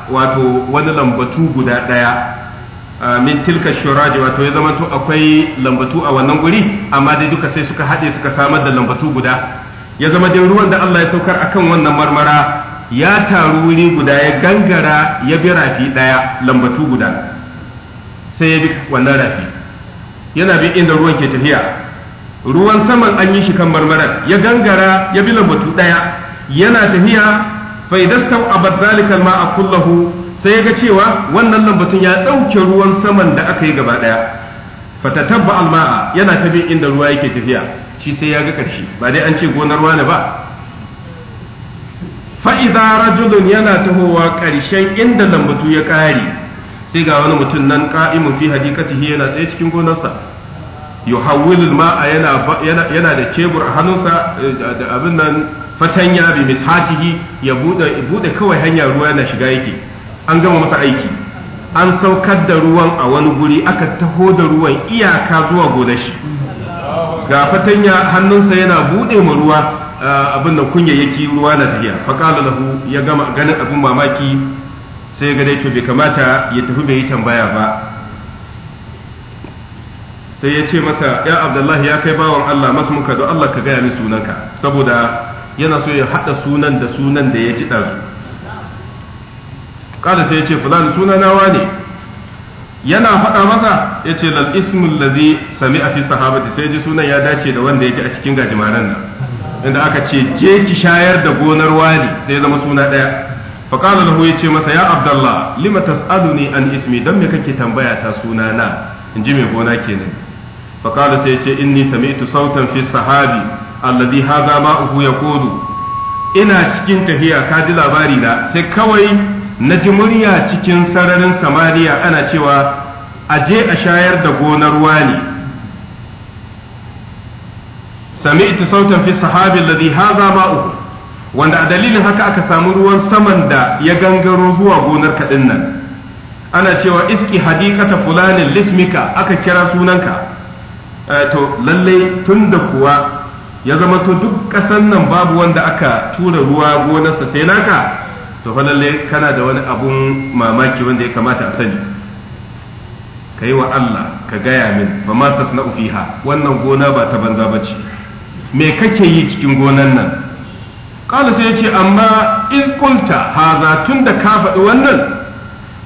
wato wani lambatu guda ɗaya min tilka shuraji wato ya zama to akwai lambatu a wannan guri amma dai duka sai suka haɗe suka samar da lambatu guda ya zama dai ruwan da Allah ya saukar akan wannan marmara ya taru wuri guda ya gangara ya bi rafi ɗaya lambatu guda sai ya bi wannan rafi yana bi inda ruwan ke tafiya ruwan saman an yi shi kan marmaran ya gangara ya bi lambatu daya yana tafiya fa ta abad zalikal ma kullahu sai ya ga cewa wannan lambatun ya dauke ruwan saman da aka yi gaba daya fatatabba alma'a yana tabi inda ruwa yake tafiya shi sai ya ga karshe ba dai an ce gonar wani ba fa'iza rajulun yana tahowa ƙarshen inda lambatu ya kare sai ga wani mutum nan qa'imun fi hadikatihi yana tsaye cikin gonarsa yuhawwilul ma'a yana yana da cebur a hannunsa eh, da abin nan fatanya bi mishatihi ya bude bude kawai hanya ruwa yana shiga yake an gama masa aiki an saukar da ruwan a wani guri aka taho da ruwan iyaka zuwa godashi. shi ga fatanya hannunsa yana bude ma ruwa eh, abin nan kunyayyaki ruwa na tafiya faqala lahu ya gama ganin abin mamaki sai ga dai to bai kamata ya tafi bai yi tambaya ba sai ya ce masa ya abdullahi ya kai bawan Allah masmuka don Allah ka gaya ni sunanka saboda yana so ya haɗa sunan da sunan da ya ji ɗazu kada sai ya ce suna sunanawa ne yana faɗa masa ya ce lal ismul sami a fi sahabati sai ji sunan ya dace da wanda ya ji a cikin gajimaren nan inda aka ce je ki shayar da gonar wani sai zama suna ɗaya faƙalar lahu ya ce masa ya abdallah lima ne an ismi don me kake tambaya ta sunana in ji mai gona kenan fakala sai ce inni sami'tu sautan fi sahabi alladhi hadha ya yaqulu ina cikin tafiya ka ji labari da, sai kawai na ji murya cikin sararin samaniya ana cewa aje a shayar da gonar wani sami'tu sautan fi sahabi alladhi hadha uhu wanda a dalilin haka aka samu ruwan saman da ya gangaro zuwa gonar kadin nan ana cewa iski hadiqata fulanin lismika aka kira sunanka eh, to lallai da kuwa ya zama to duk kasan nan babu wanda aka tura ruwa gonarsa sai naka to fa lallai kana da wani abun mamaki wanda ya kamata a sani ka yi wa Allah ka gaya min ba ma tasna'u fiha wannan gona ba ta banza bace me kake yi cikin gonan nan qala sai ce amma iskulta haza tun tunda ka faɗi wannan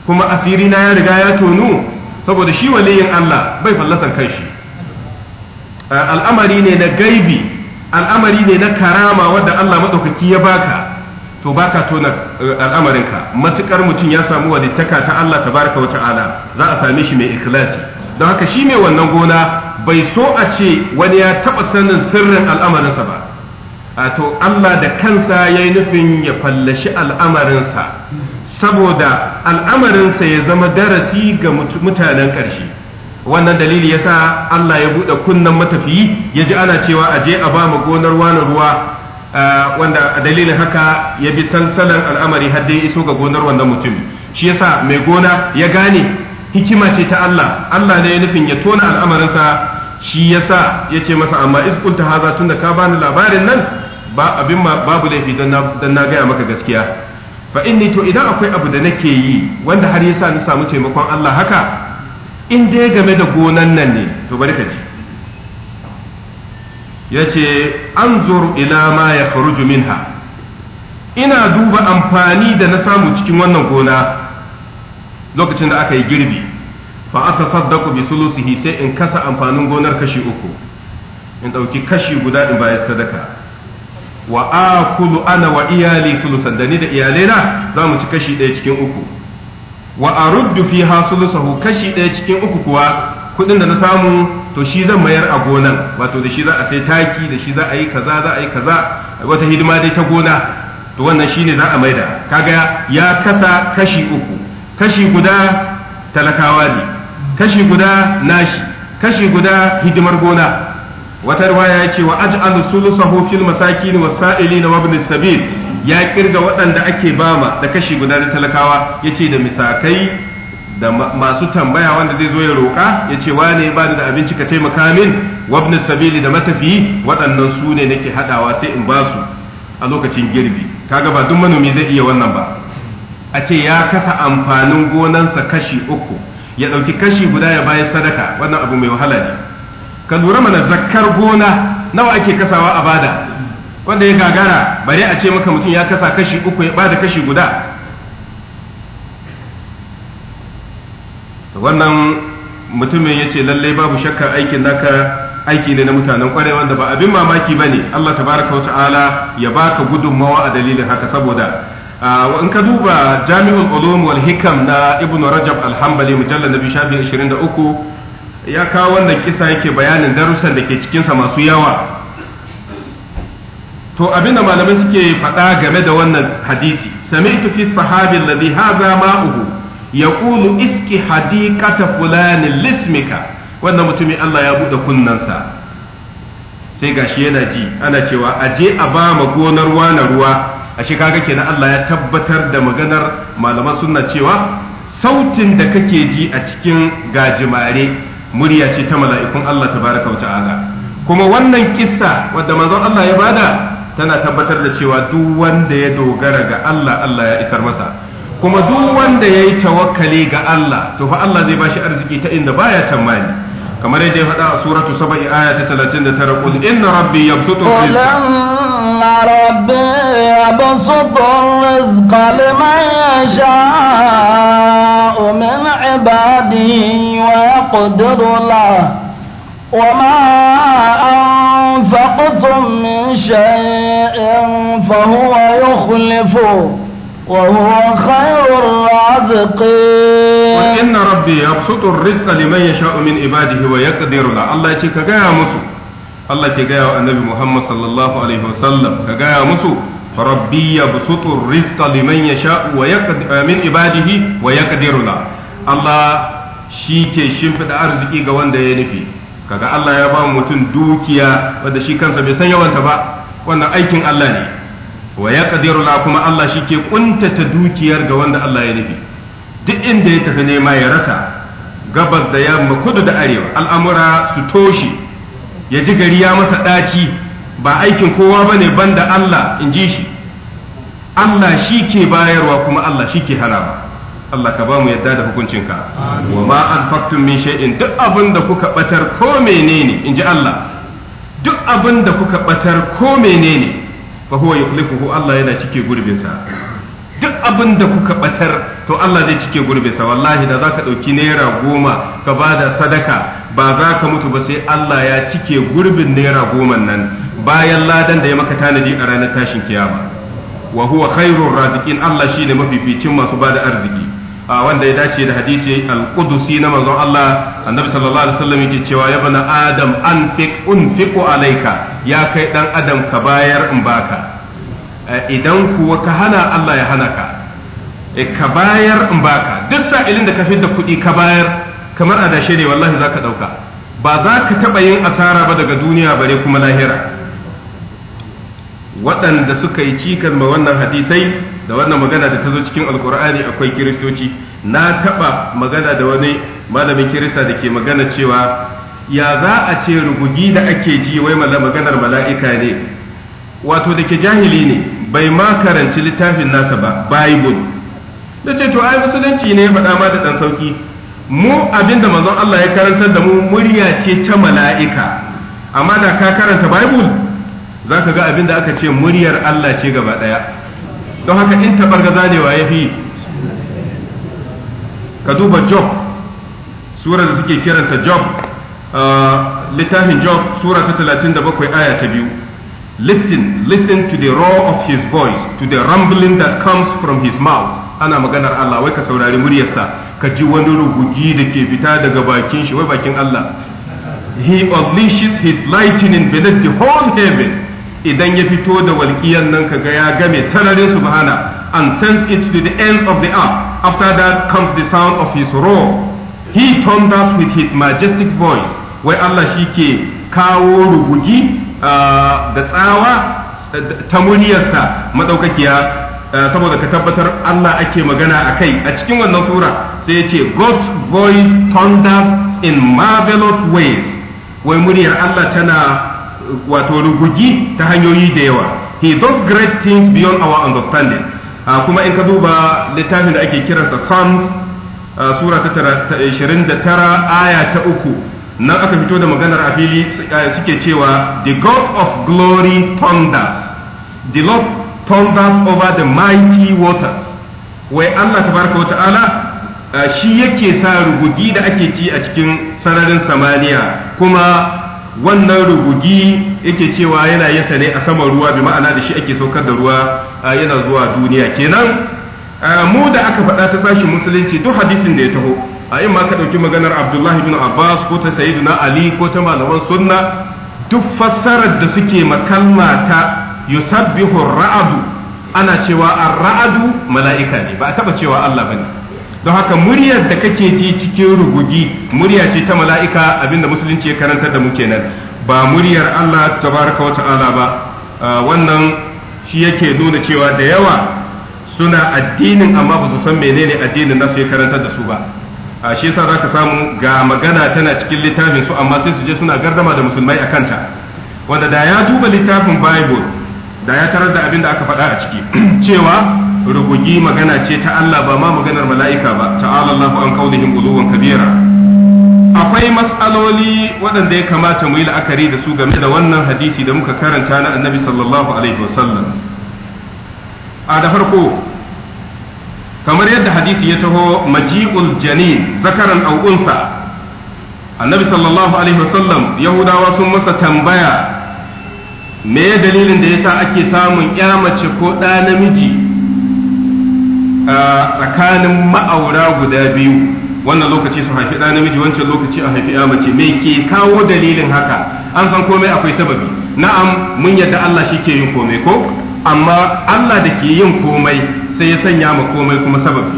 kuma asiri na ya riga ya tonu saboda shi waliyin Allah bai fallasan kanshi al'amari ne na gaibi al'amari ne na karama wanda Allah madaukaki ya baka to baka tona e, al'amarinka matukar mutum ya samu walittaka ta Allah tabaraka wa ta'ala za a same shi mai ikhlasi don haka shi mai wannan gona bai so a ce wani ya taba sanin sirrin al'amarinsa ba a to Allah da kansa ya yi nufin ya fallashi al'amarinsa saboda al'amarinsa ya zama darasi ga mutanen ƙarshe wannan dalili yasa Allah ya buɗe kunnen matafiyi ya ji ana cewa a je a ba mu gonar wani ruwa wanda a dalilin haka ya bi sansalan al'amari har dai iso ga gonar wannan mutum shi yasa mai gona ya gane hikima ce ta Allah Allah ne ya nufin ya tona al'amarinsa shi yasa ya ce masa amma izkunta haza tunda ka bani labarin nan ba abin babu laifi don na gaya maka gaskiya fa inni to idan akwai abu da nake yi wanda har yasa ni samu taimakon Allah haka in dai game da gonan nan ne to bari ka ji yace anzur ila ma yakhruju minha ina duba amfani da na samu cikin wannan gona lokacin da aka yi girbi fa saddaku bi sulusihi sai in kasa amfanin gonar kashi uku in dauki kashi guda in bayar sadaka wa akulu ana wa iyali sulusan da ni da iyalaina za mu ci kashi ɗaya cikin uku wa aruddu ha sulusahu kashi ɗaya cikin uku kuwa kuɗin da na samu to shi zan mayar a gonan wato da shi za a sai taki da shi za a yi kaza za a yi kaza wata hidima dai ta gona to wannan shi ne za a maida kaga ya kasa kashi uku kashi guda talakawa ne kashi guda nashi kashi guda hidimar gona wata riwaya cewa wa aj'alu sulusahu fil masakin was-sa'ilin wa ibn sabil ya kirga waɗanda ake bama da kashi guda na talakawa yace da misakai da masu tambaya wanda zai zo ya roƙa yace wane ba da abinci ka taimaka min wa ibn sabil da matafiyi waɗannan su ne nake hadawa sai in basu a lokacin girbi kaga ba duk manomi zai iya wannan ba a ce ya kasa amfanin gonansa kashi uku ya ɗauki kashi guda ya bayar sadaka wannan abu mai wahala ne ka lura mana zakkar gona nawa ake kasawa a bada wanda ya gagara bare a ce maka mutum ya kasa kashi uku ya bada kashi guda wannan mutumin ya ce lallai babu shakkar aikin naka aiki ne na mutanen kwarai wanda ba abin mamaki ba ne Allah ta baraka wa ta'ala ya baka gudunmawa a dalilin haka saboda in ka duba jami'ul ulum wal hikam na ibnu rajab al-hanbali mujallad nabi 23 ya kawo wannan kisa yake bayanin darussan da ke cikinsa masu yawa to abinda malamai suke faɗa game da wannan hadisi sami'tu fi sahabi alladhi hadha ma'uhu yaqulu iski hadiqata fulani lismika wannan mutumin Allah ya bude kunnansa sai gashi yana ji ana cewa aje a ba ma gonar wani ruwa a ashe kaga kenan Allah ya tabbatar da maganar malaman sunna cewa sautin da kake ji a cikin gajimare murya ce ta mala'ikun Allah tabaraka wa ta'ala kuma wannan kissa wadda manzon Allah ya bada tana tabbatar da cewa duk wanda ya dogara ga Allah Allah ya isar masa kuma duk wanda ya yi tawakkali ga Allah to fa Allah zai bashi arziki ta inda baya tamani kamar yadda ya faɗa a suratu saba aya ta talatin da tara qul inna rabbi yabsutu ربي يبسط الرزق لمن يشاء من أقدر له وما أنفقتم من شيء فهو يخلف وهو خير الرازقين قل إن ربي يبسط الرزق لمن يشاء من عباده ويقدر له الله يشيك يا مسو الله يشيك يا النبي محمد صلى الله عليه وسلم يا مسو ربي يبسط الرزق لمن يشاء ويقدر من عباده ويقدر له الله shi ke shimfiɗa arziki ga wanda ya nufi kaga Allah ya ba mutum dukiya wanda shi kansa bai san yawanta ba wannan aikin Allah ne wa ya kadiru la kuma Allah shi ke kuntata dukiyar ga wanda Allah ya nufi duk inda ya tafi nema ya rasa gabas da yamma kudu da arewa al'amura su toshe ya ji gari ya masa ɗaci ba aikin kowa ba ne banda Allah in ji shi Allah shi ke bayarwa kuma Allah shi ke harawa Allah ka ba mu yadda da hukuncinka wa ma anfaqtum min shay'in duk abin da kuka batar ko menene in ji Allah duk abin da kuka batar ko menene fa huwa yukhlifuhu Allah yana cike gurbin sa duk abin da kuka batar to Allah zai cike gurbin sa wallahi da zaka dauki naira goma ka bada sadaka ba za ka mutu ba sai Allah ya cike gurbin naira goma nan bayan ladan da ya maka tanadi a ranar tashin kiyama wa huwa khairur raziqin Allah shine mafificin masu bada arziki wanda ya dace da hadisi al-qudusi na manzon Allah annabi sallallahu alaihi wasallam yake cewa ya bana adam anfiq unfiqu alayka ya kai dan adam ka bayar in baka idan kuwa ka hana Allah ya hana ka e, ka bayar in baka duk sa'ilin da ka fitar da kuɗi ka bayar kamar adashe ne wallahi zaka dauka ba za ka taɓa yin asara ba daga duniya bare kuma lahira waɗanda suka yi cikan ma wannan hadisai da wannan magana da ta zo cikin alkur'ani akwai kiristoci na taɓa magana da wani malamin kirista da ke magana cewa ya za a ce rugugi da ake ji wai maganar mala'ika ne wato da ke jahili ne bai ma karanci littafin nasa ba bible da ce to ai musulunci ne faɗa ma da ɗan sauki mu abinda manzon Allah ya karanta da mu murya ce ta mala'ika amma da ka karanta bible za ka ga abin da aka ce muryar Allah ce gaba ɗaya don haka in taɓargaza ne wa ya fi ka duba job sura da suke kiranta job uh, littafin job sura ta talatin da bakwai aya ta biyu listen listen to the roar of his voice to the rumbling that comes from his mouth ana maganar Allah wai ka saurari muryarsa ka ji wani rugugi da ke fita daga bakin shi wai bakin Allah he unleashes his lightning beneath the whole heaven idan ya fito da walƙiyan nan kaga ya game sararin subhana and sends it to the ends of the earth after that comes the sound of his roar he thunders with his majestic voice wai Allah shi ke kawo rubuji uh, da tsawa uh, ta muryarsa madaukakiya uh, saboda ka tabbatar Allah ake magana a kai a cikin wannan sura sai ya ce God's voice thunders in marvelous ways wai muryar Allah tana wato rugugi ta hanyoyi da yawa he does great things beyond our understanding ah, kuma in ka duba littafin da ake kiransa psalms ah, sura ta tara, aya ta uku nan aka fito da maganar a fili ah, suke cewa the god of glory thunders the lord thunders over the mighty waters wai allah tabaraka wa ta'ala shi yake sa rugugi da ake ci a cikin sararin samaniya kuma wannan rugugi yake cewa yana yasa ne a saman ruwa bi ma'ana da shi ake saukar da ruwa yana zuwa duniya kenan mu da aka faɗa ta sashin musulunci duk hadisin da ya taho a in ma ka ɗauki maganar abdullahi bin abbas ko ta sayyiduna ali ko ta malaman sunna duk fassarar da suke makalma ta yusabbihu ra'adu ana cewa ar-ra'adu mala'ika ne ba a taɓa cewa Allah bane don haka muryar da kake ji cikin rugugi murya ce ta mala'ika abinda musulunci ya karantar da muke nan, ba muryar Allah tabaraka wa ta'ala ba ah, wannan shi yake nuna cewa da yawa suna addinin amma ba su san menene addinin nasu ya karantar da su ba a ah, shi yasa zaka samu ga magana tana cikin littafin su amma sai su je suna gardama da musulmai a kanta wanda da ya duba littafin bible da ya tarar da abin da aka faɗa a ciki [CLEARS THROAT] cewa rugugi magana ce ta Allah ba ma maganar mala'ika ba ta'ala Allahu an qaulihim uluwan kabira akwai mas'aloli waɗanda ya kamata mu yi la'akari da su game da wannan hadisi da muka karanta na annabi sallallahu alaihi wasallam a da farko kamar yadda hadisi ya taho maji'ul janin zakaran aw unsa annabi sallallahu alaihi wasallam yahudawa sun masa tambaya me dalilin da ya yasa ake samun ƴa mace ko ɗa namiji tsakanin ma'aura guda biyu wannan lokaci su haifi ɗa namiji wancan lokaci a haifi ya mace me ke kawo dalilin haka an san komai akwai sababi na'am mun yadda Allah shi ke yin komai ko amma Allah da ke yin komai sai ya sanya ma komai kuma sababi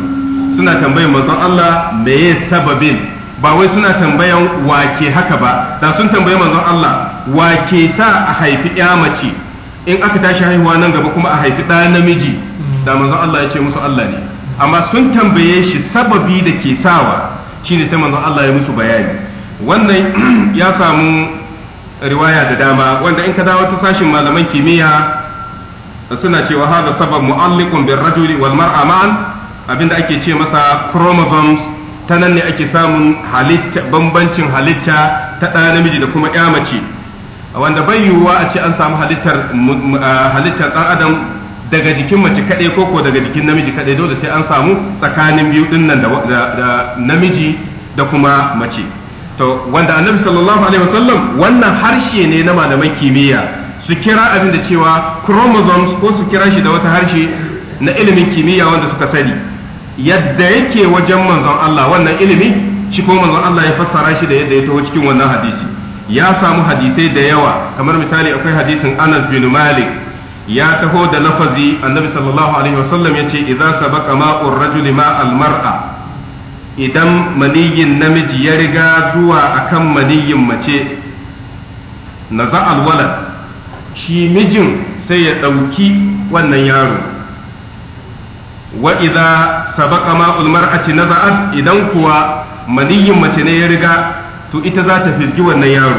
suna tambayin manzon Allah ya sababin ba wai suna tambayan wake haka ba da sun tambayi manzon Allah wake sa a haifi ya mace in aka tashi haihuwa nan gaba kuma a haifi ɗa namiji mm. da manzon Allah ya ce musu Allah ne amma sun tambaye shi sababi da ke sawa shine sai manzon Allah ya musu bayani wannan [CLEARS THROAT] ya samu riwaya da dama wanda in ka dawo ta sashin malaman kimiyya suna cewa hada sabab mu'alliqun bir rajuli wal mar'a ma'an abinda ake ce masa chromosomes ta ne ake samun halitta bambancin halitta ta ɗa namiji da kuma ƴa mace wanda bai yiwuwa a ce an samu halittar halittar dan adam daga jikin mace kadai ko ko daga jikin namiji kadai dole sai an samu tsakanin biyu din nan da namiji da kuma mace to wanda annabi sallallahu alaihi wasallam wannan harshe ne na malaman kimiyya su kira abin da cewa chromosomes ko su kira shi da wata harshe na ilimin kimiyya wanda suka sani yadda yake wajen manzon Allah wannan ilimi shi ko manzon Allah ya fassara shi da yadda ya taho cikin wannan hadisi ya samu hadisai da yawa kamar misali akwai hadisin Anas bin Malik ya taho da lafazi annabi sallallahu alaihi wasallam yace idza sabaka ma'ur rajuli al mar'a idan maniyin namiji ya riga zuwa akan maniyin mace naza alwalad shi mijin sai ya ɗauki wannan yaro wa idza sabaka ma'ul mar'ati naza'at idan kuwa maniyin mace ne ya riga to ita za ta fisgi wannan yaro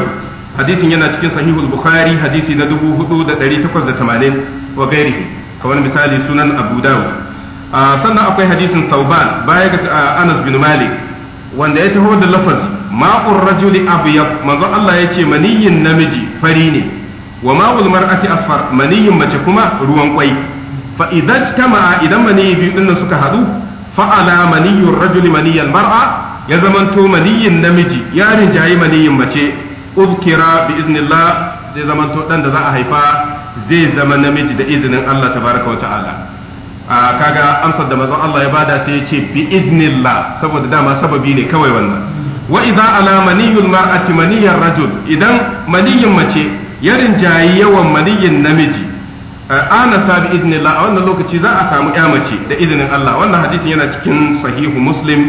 hadisin yana cikin sahihul bukhari hadisi na 4880 wa gairihi kamar misali sunan abu dawud sannan akwai hadisin tauban baya ga anas bin malik wanda ya taho da lafazi ma'ur rajuli abyad manzo Allah yace maniyin namiji fari ne wa ma'ul mar'ati asfar maniyin mace kuma ruwan kwai fa idan tama'a idan maniyi biyu din suka hadu fa ala maniyur rajuli maniyal mar'a ya zamanto maniyin namiji ya rinjayi maniyin mace ubkira bi iznillah zai zamanto dan da za a haifa zai zama namiji da izinin Allah tabaraka wa ta'ala a kaga amsar da mazan Allah ya bada sai ya ce bi iznillah saboda dama sababi ne kawai wannan wa idza ala maniyul mar'ati maniyar rajul idan maniyin mace ya rinjayi yawan maniyin namiji ana sa bi iznillah a wannan lokaci za a samu ya mace da izinin Allah wannan hadisin yana cikin sahihu muslim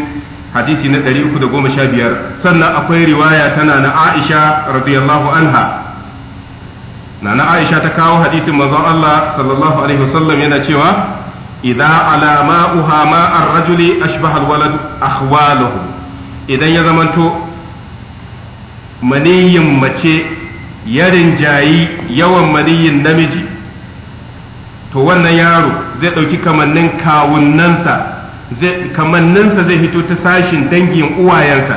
hadisi na 315 sannan akwai riwaya tana na Aisha radiyallahu anha na Aisha ta kawo hadisin manzon Allah sallallahu alaihi wasallam yana cewa idan ala ma ar rajuli ashbaha al-walad ahwaluhu idan ya zamanto maniyin mace ya jayi yawan maniyin namiji to wannan yaro zai ɗauki kamannin kawunnansa kamanninsa zai fito ta sashin dangin uwayensa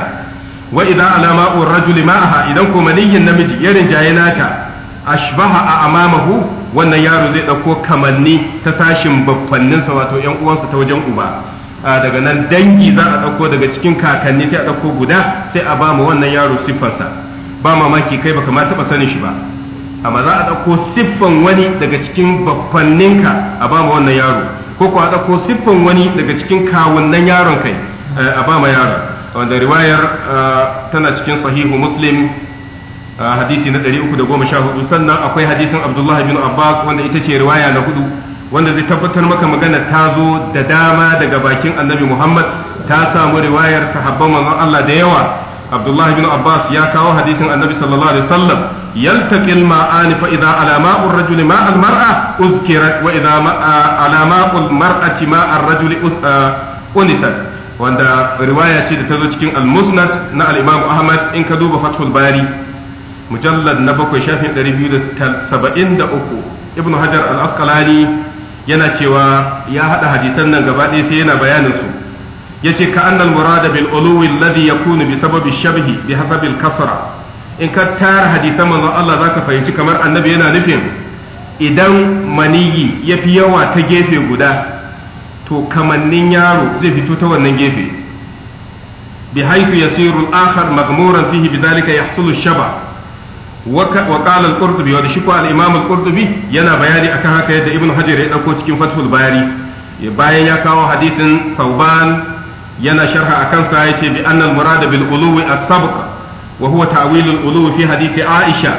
wa idan alama rajuli ma'aha idan ko maniyin namiji ya rinjaye nata ashbaha a amamahu wannan yaro zai ɗauko kamanni ta sashin baffanninsa wato yan uwansa ta wajen uba daga nan dangi za a ɗauko daga cikin kakanni sai a ɗauko guda sai a ba mu wannan yaro siffarsa ba mamaki kai baka ma taɓa sanin shi ba amma za a ɗauko siffan wani daga cikin baffanninka a ba wannan yaro ko ko ko siffan wani daga cikin kawunnan yaron kai eh, a ba ma yaron wanda riwayar eh, tana cikin sahihu muslim eh, hadisi na 314 sannan akwai hadisin abdullah bin abbas wanda ita ce riwaya na hudu wanda zai tabbatar maka magana ta zo da dama daga bakin annabi muhammad ta samu riwayar sahabban manzon allah da yawa abdullahi bin abbas ya kawo hadisin annabi sallallahu alaihi wasallam يلتقي الماءان فإذا على ماء الرجل ماء المرأة أذكرت وإذا على ماء المرأة ماء الرجل أنست wanda riwaya ce da ta zo cikin al-musnad na al ahmad in ka duba fathul bari mujallad na bakwai shafin 273 ibnu hajar al-asqalani yana cewa ya haɗa hadisan nan gaba ɗaya sai yana bayanin su yace ka annal murada bil uluwi kunu yakunu bi sababi shabhi bi hasabi kasra in ka tara hadisan manzon Allah zaka fahimci kamar annabi yana nufin idan maniyi ya fi yawa ta gefe guda to kamannin yaro zai fito ta wannan gefe bi haifu yasiru al-akhar maghmuran fihi bidhalika yahsulu shaba وقال القرطبي al شكو الامام القرطبي Yana bayani akan haka yadda ibnu hajar ya dauko cikin fathul bari bayan ya kawo hadisin sauban yana sharha akan sa yace bi anna al murad bil ulwi as-sabq وهو تأويل الغلو في حديث عائشة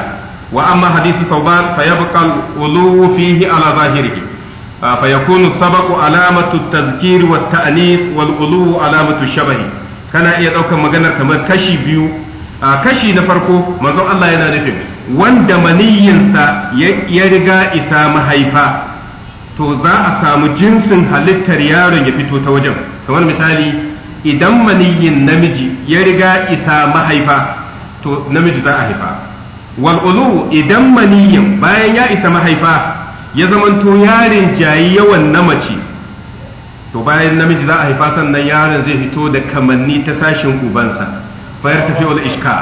وأما حديث ثوبان فيبقى الغلو فيه على ظاهره فيكون السبق علامة التذكير والتأنيث والغلو علامة الشبه كان يدعوك مغنى كما كشي بيو kashi na farko manzon Allah yana nufin wanda maniyyansa ya riga isa mahaifa to za a samu jinsin halittar yaron ya fito ta wajen kamar misali idan maniyin namiji ya riga isa mahaifa to namiji za a haifa wal ulu idan maniyin bayan ya isa mahaifa ya zamanto yarin jayi yawan na mace to bayan namiji za a haifa sannan yaron zai fito da kamanni ta sashin ubansa fayar tafi wal ishka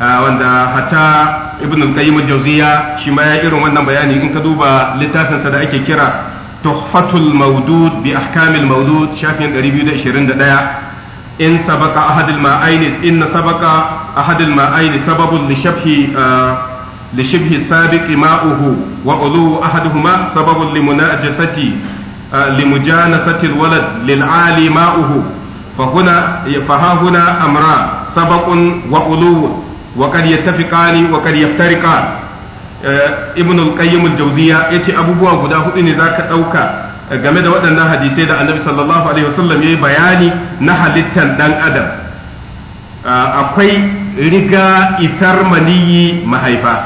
hmm. wanda hatta ibn al-qayyim al-jawziya shi ma ya irin wannan bayani in ka duba littafin sa da ake kira tuhfatul mawdud bi ahkamil mawdud shafin 221 in sabaqa ahad maain in sabaqa أحد الماءين سبب لشبه لشبه السابق ماؤه وعلو أحدهما سبب لمناجسة لمجانسة الولد للعالي ماؤه فهنا فها هنا أمران سبق وعلو وقد يتفقان وقد يفترقان ibn al-qayyim al-jawziya yace abubuwa guda hudu ne zaka ɗauka game da waɗannan hadisai da annabi sallallahu alaihi wasallam yi bayani na halittar ɗan adam akwai riga isar maniyi mahaifa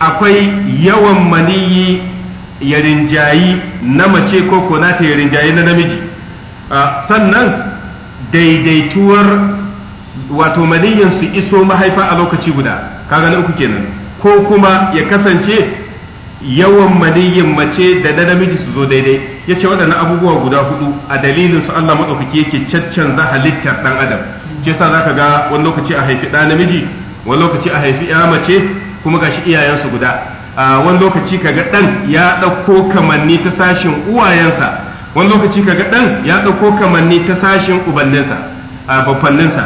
akwai yawan maniyi ya rinjayi na mace ko ko nata na namiji sannan daidaituwar wato maniyin su iso mahaifa a lokaci guda kaga na uku kenan ko kuma ya kasance yawan maniyin mace da na namiji su zo daidai ya ce waɗannan abubuwa guda hudu a dalilin su Allah maɗaukaki yake caccanza halittar ɗan adam ke sa zaka ga wani lokaci a haifi ɗa namiji wani lokaci a haifi ya mace kuma gashi iyayensu guda a wani lokaci kaga ɗan ya ɗauko kamanni ta sashin uwayensa wani lokaci kaga ɗan ya ɗauko kamanni ta sashin ubanninsa a babbanninsa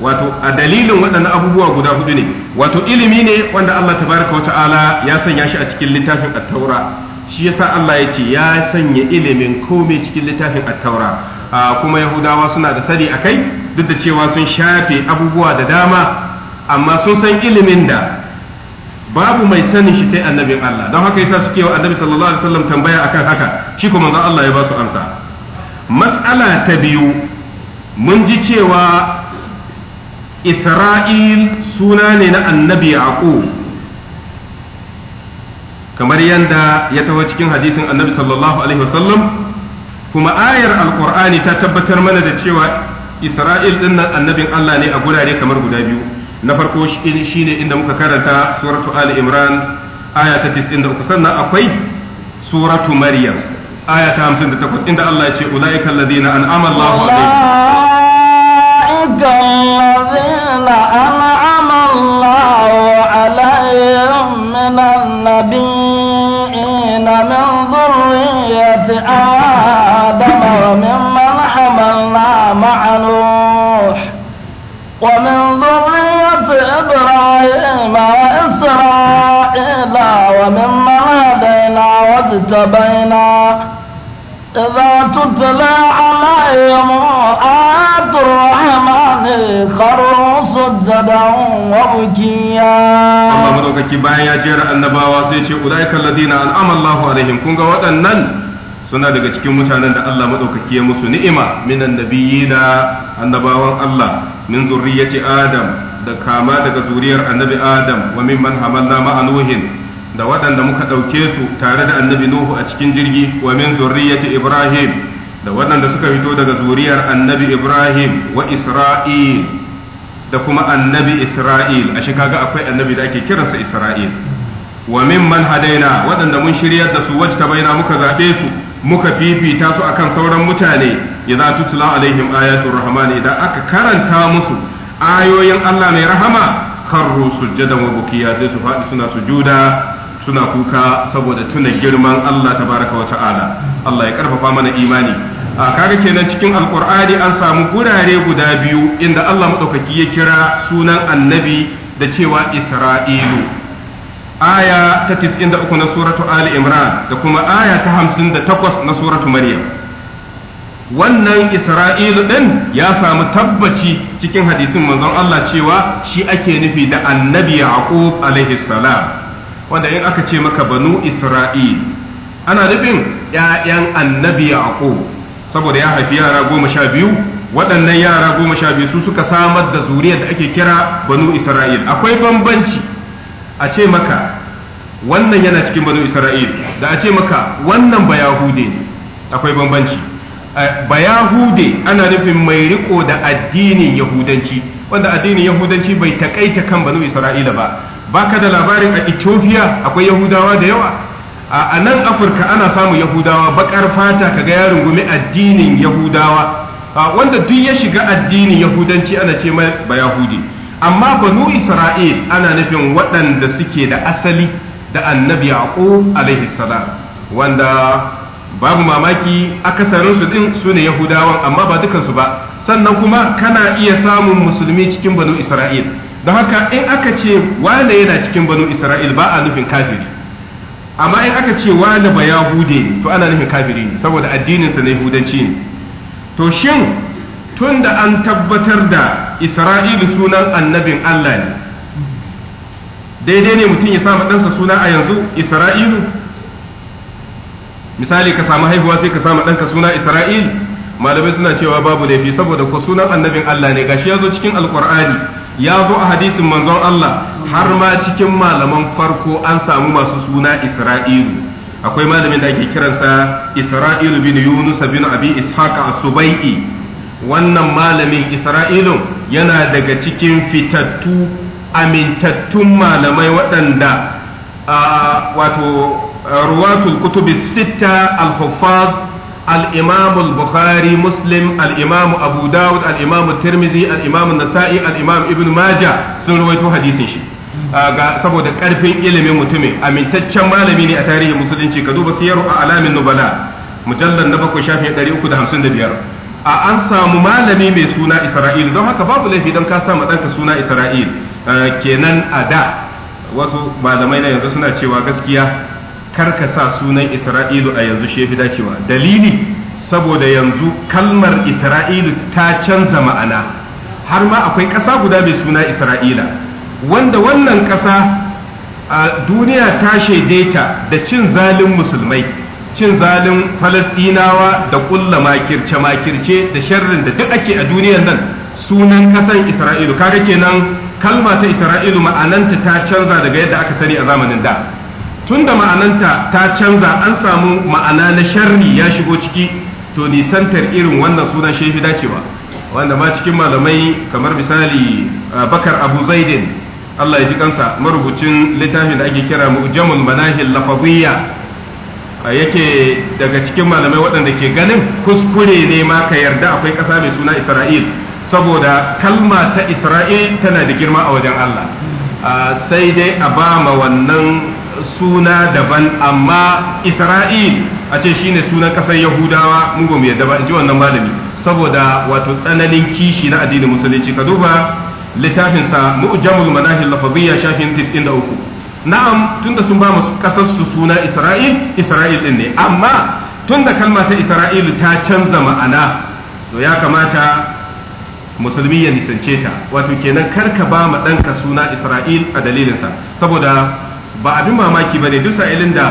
wato a dalilin waɗannan abubuwa guda hudu ne wato ilimi ne wanda Allah tabaraka wata'ala ya sanya shi a cikin littafin at-taura shi yasa Allah ya ce ya sanya ilimin komai cikin littafin at-taura kuma yahudawa suna da sani kai, duk da cewa sun shafe abubuwa da dama amma sun san ilimin da babu mai sanin shi sai annabin Allah don haka yasa suke wa annabi sallallahu alaihi wasallam tambaya akan haka shi kuma manzon Allah ya ba su amsa mas'ala ta biyu mun ji cewa Isra'il suna ne na annabi Yaqub kamar yadda ya taho cikin hadisin annabi sallallahu alaihi wasallam kuma ayar alkur'ani ta tabbatar mana da cewa isra'il din nan annabin Allah ne a gurare kamar guda biyu na farko shi ne inda muka karanta suratu ali imran aya ta 93 sannan akwai suratu maryam aya ta hamsin da takwas, inda Allah ya ce ulaika alladhina an'ama Allahu alaihim من ذرية آدم وممن حملنا مع نوح ومن ذرية إبراهيم وإسرائيل وممن هدينا واجتبينا إذا تتلى آيات الرحمن خروا سجدا وبكيا الله مدوكاكي بايا جير النباوة سيشي أولئك الذين أنعم الله kun ga waɗannan suna daga cikin mutanen da Allah maɗaukaki ya musu ni'ima minan nabiyina annabawan Allah min zurriyyati Adam da kama daga zuriyar annabi Adam wa mimman hamalna ma'a Nuhin da waɗanda muka ɗauke su tare da annabi Nuhu a cikin jirgi wa min zurriyyati Ibrahim da waɗanda suka fito daga zuriyar annabi ibrahim wa isra'il da kuma annabi isra'il a shi kaga akwai annabi da ake kiransa isra'il wa mimman hadaina waɗanda mun shiryar da su wajta baina muka zaɓe su muka fifita su akan sauran mutane idza tutla alaihim ayatul rahman idan aka karanta musu ayoyin Allah mai rahama kharru sujjadan wa bukiya sai su faɗi suna sujuda suna kuka saboda tuna girman Allah tabaraka wa ta'ala Allah ya karfafa mana imani a kaga kenan cikin alkur'ani an samu gurare guda biyu inda Allah madaukaki ya kira sunan annabi da cewa Isra'ilu aya ta 93 na suratu Ali Imran da kuma aya ta 58 na suratu Maryam wannan Isra'ilu din ya samu tabbaci cikin hadisin manzon Allah cewa shi ake nufi da annabi Yaqub alaihi salam wanda in aka ce maka banu isra'il ana nufin ‘ya'yan annabi yaqub saboda ya haifi yara goma sha biyu waɗannan yara goma sha biyu su suka samar da zuriyar da ake kira banu isra'il akwai bambanci a ce maka wannan yana cikin banu isra'il da a ce maka wannan ba yahude akwai bambanci eh, ba yahude ana nufin mai riko da addinin yahudanci wanda addinin yahudanci bai takaita kan banu isra'ila ba baka da labarin a Ethiopia akwai Yahudawa da yawa a nan Afirka ana samun Yahudawa bakar fata kaga ya rungumi addinin Yahudawa wanda duk ya shiga addinin Yahudanci ana ce mai ba Yahudi amma banu Isra'il ana nufin waɗanda suke da asali da annabi Yaqub alaihi salam wanda babu mamaki akasarin su din su ne Yahudawan amma ba dukansu ba sannan kuma kana iya samun musulmi cikin banu Isra'il don haka in aka ce wanda yana cikin banu isra'il ba a nufin kafiri amma in aka ce wanda ba yahude ne to ana nufin kafiri ne saboda addininsa na yahudanci ne to shin tun da an tabbatar da isra'ilu sunan annabin allah ne daidai ne mutum ya samu ɗansa suna a yanzu isra'ilu misali ka samu haihuwa sai ka samu ɗanka suna Isra'il? malamai suna cewa babu laifi saboda ko sunan annabin Allah ne gashi ya zo cikin alkur'ani ya zo a hadisin manzon Allah har ma cikin malaman farko an samu masu suna Isra'ilu akwai malamin da ake kiransa Isra'ilu bin Yunus bin Abi Ishaq as-Subai'i wannan malamin Isra'ilu yana daga cikin fitattu amintattun malamai waɗanda wato ruwatul kutubi sitta al-huffaz الإمام البخاري مسلم الإمام أبو داود الإمام الترمذي الإمام النسائي الإمام ابن ماجه سنرويتو حديث شيء ga saboda karfin ilimin mutumin amintaccen malami ne a tarihin musulunci ka duba siyaru a alamin nubala mujallar na bakwai shafi 355 a an samu malami mai suna isra'il don haka babu laifi don ka samu ɗanka suna isra'il kenan a da wasu malamai na yanzu suna cewa gaskiya kar ka sa sunan Isra'ilu a yanzu shi yafi dacewa dalili saboda yanzu kalmar Isra'ilu ta canza ma'ana har ma akwai ƙasa guda mai suna Isra'ila wanda wannan ƙasa a duniya ta shaideta da cin zalin musulmai cin zalin falastinawa da ƙulla makirce makirce da sharrin da duk ake a duniyar nan sunan kasan isra'ilu kaga kenan kalma ta isra'ilu ma'ananta ta canza daga yadda aka sani a zamanin da tunda ma'ananta ta canza an samu ma'ana na sharri ya shigo ciki to nisantar irin wannan sunan shefi dacewa wanda ma cikin malamai kamar misali bakar abu zaidin Allah ya ji kansa marubucin littafin da ake kira mu'jamul manahil lafaziyya yake daga cikin malamai waɗanda ke ganin kuskure ne ma ka yarda akwai ƙasa mai suna Isra'il saboda kalma ta Isra'il tana da girma a wajen Allah sai dai a ba ma wannan suna daban amma Isra'il a ce shine sunan kasar Yahudawa mun ba mu yadda ba in ji wannan malami saboda wato tsananin kishi na addinin musulunci ka duba littafin sa Mu'jamul Manahil Lafaziyya shafin 93 na'am tunda sun ba mu kasar su suna Isra'il Isra'il din ne amma tunda kalma ta Isra'il ta canza ma'ana to ya kamata musulmi ya nisance ta wato kenan kar ka ba ma ɗanka suna isra'il a dalilinsa saboda ba abin mamaki ba ne duk sa'ilin da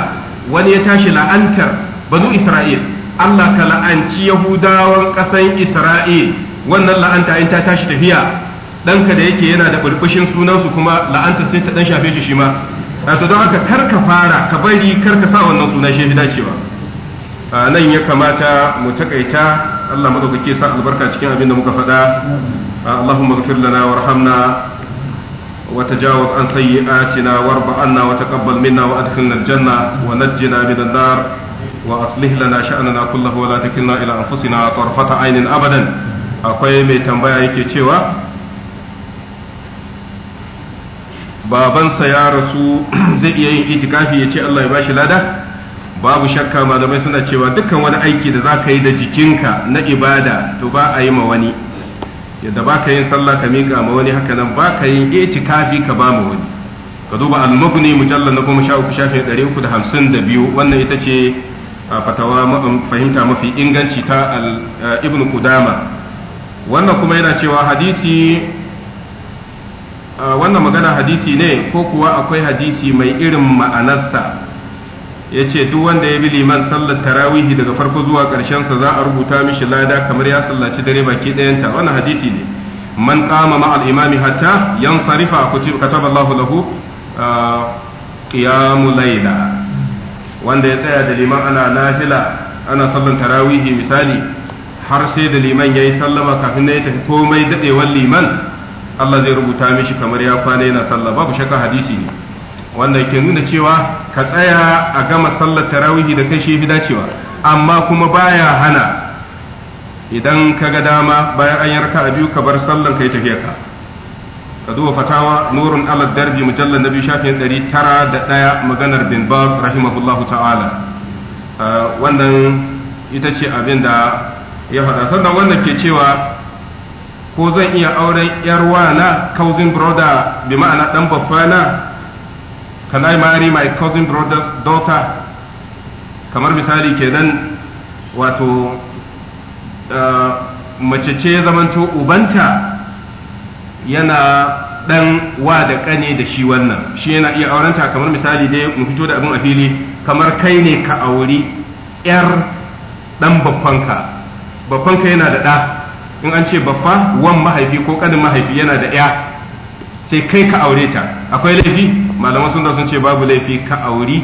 wani ya tashi la'antar banu isra'il allah ka la'anci yahudawan ƙasan isra'il wannan la'anta in ta tashi tafiya ɗanka da yake yana da burbushin sunansu kuma la'anta sai ta ɗan shafe shi shi ma to don haka kar ka fara ka bari kar ka sa wannan suna shi fi dacewa nan ya kamata mu takaita Allah madaukake sa albarka cikin abin da muka faɗa Allahumma ghfir lana warhamna وتجاوز عن سيئاتنا وارض عنا وتقبل منا وادخلنا الجنة ونجنا من النار وأصلح لنا شأننا كله ولا تكلنا إلى أنفسنا طرفة عين أبدا akwai mai tambaya yake cewa babansa ya rasu zai iya yin itikafi ya ce Allah ya bashi lada babu shakka malamai suna cewa dukkan wani aiki da za ka yi da jikinka na ibada to ba a yi ma wani yadda ba ka yin sallah ka miƙa ma wani haka nan ba ka yin kafi ka ba mu wani ka duba al-mughni mujallal na goma sha uku shafi ɗari uku da hamsin da biyu wannan ita ce fatawa um, fahimta mafi inganci ta ibn kudama wannan kuma yana cewa hadisi wannan magana hadisi ne ko kuwa akwai hadisi mai irin ma'anarsa ya ce duk wanda ya bi liman sallar tarawihi daga farko zuwa sa za a rubuta mishi lada kamar ya sallaci dare baki ɗayanta wannan hadisi ne man kama ma al'imami hatta yan sarifa katab Allahu lahu ah, qiyamu laila wanda ya tsaya da liman ana nafila ana sallar tarawihi misali har sai da liman ya yi sallama kafin na ya tafi komai daɗewar liman Allah zai rubuta mishi kamar ya kwana yana sallah babu shakka hadisi ne wanda ke nuna cewa ka tsaya a gama sallar tarawihi da kai shi fi dacewa amma kuma baya hana idan ka ga dama bayan an yarka a biyu ka bar sallar kai tafiya ka ka duba fatawa nurun ala darbi mujallal nabi shafin ɗari tara da ɗaya maganar bin bas rahimahullahu ta'ala ah, wannan ita ce abin da ya faɗa sannan wannan ke cewa ko zan iya auren yar wana kauzin broda bi ma'ana dan na? can I marry my cousin brother's daughter kamar misali kenan wato uh, mace ce zamanto ubanta yana dan wa da kane da shi wannan shi yana iya aurenta kamar misali dai mu fito da abin a fili kamar kai ne ka auri yar dan babbanka babbanka yana da ɗa in an ce babba wan mahaifi ko kanin mahaifi yana da ya sai kai ka aure ta akwai laifi malaman sunna sun ce babu laifi ka auri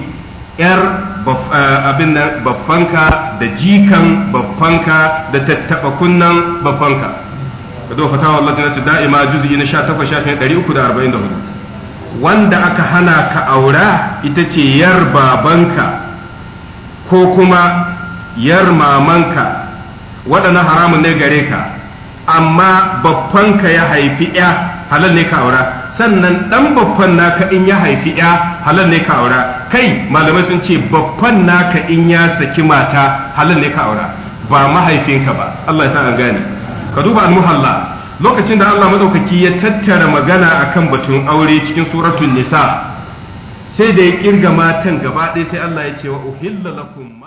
yar eh, abin nan babbanka da jikan babbanka da tattaba kunnan babbanka ka zo fatawa Allah ta da'ima juz'i na 18 344 wanda aka hana ka aura ita ce yar babanka ko kuma yar mamanka waɗannan haramun ne gare ka amma babbanka ya haifi ya halal ne ka aura sannan ɗan babban naka in ya haifi ya halal ne ka aura kai malamai sun ce babban naka in ya saki mata halal ne ka aura ba mahaifinka ba Allah ya sa an gane ka duba al-muhalla lokacin da Allah madaukaki ya tattara magana akan batun aure cikin suratun nisa sai da ya kirga matan gaba ɗaya sai Allah ya ce wa uhilla lakum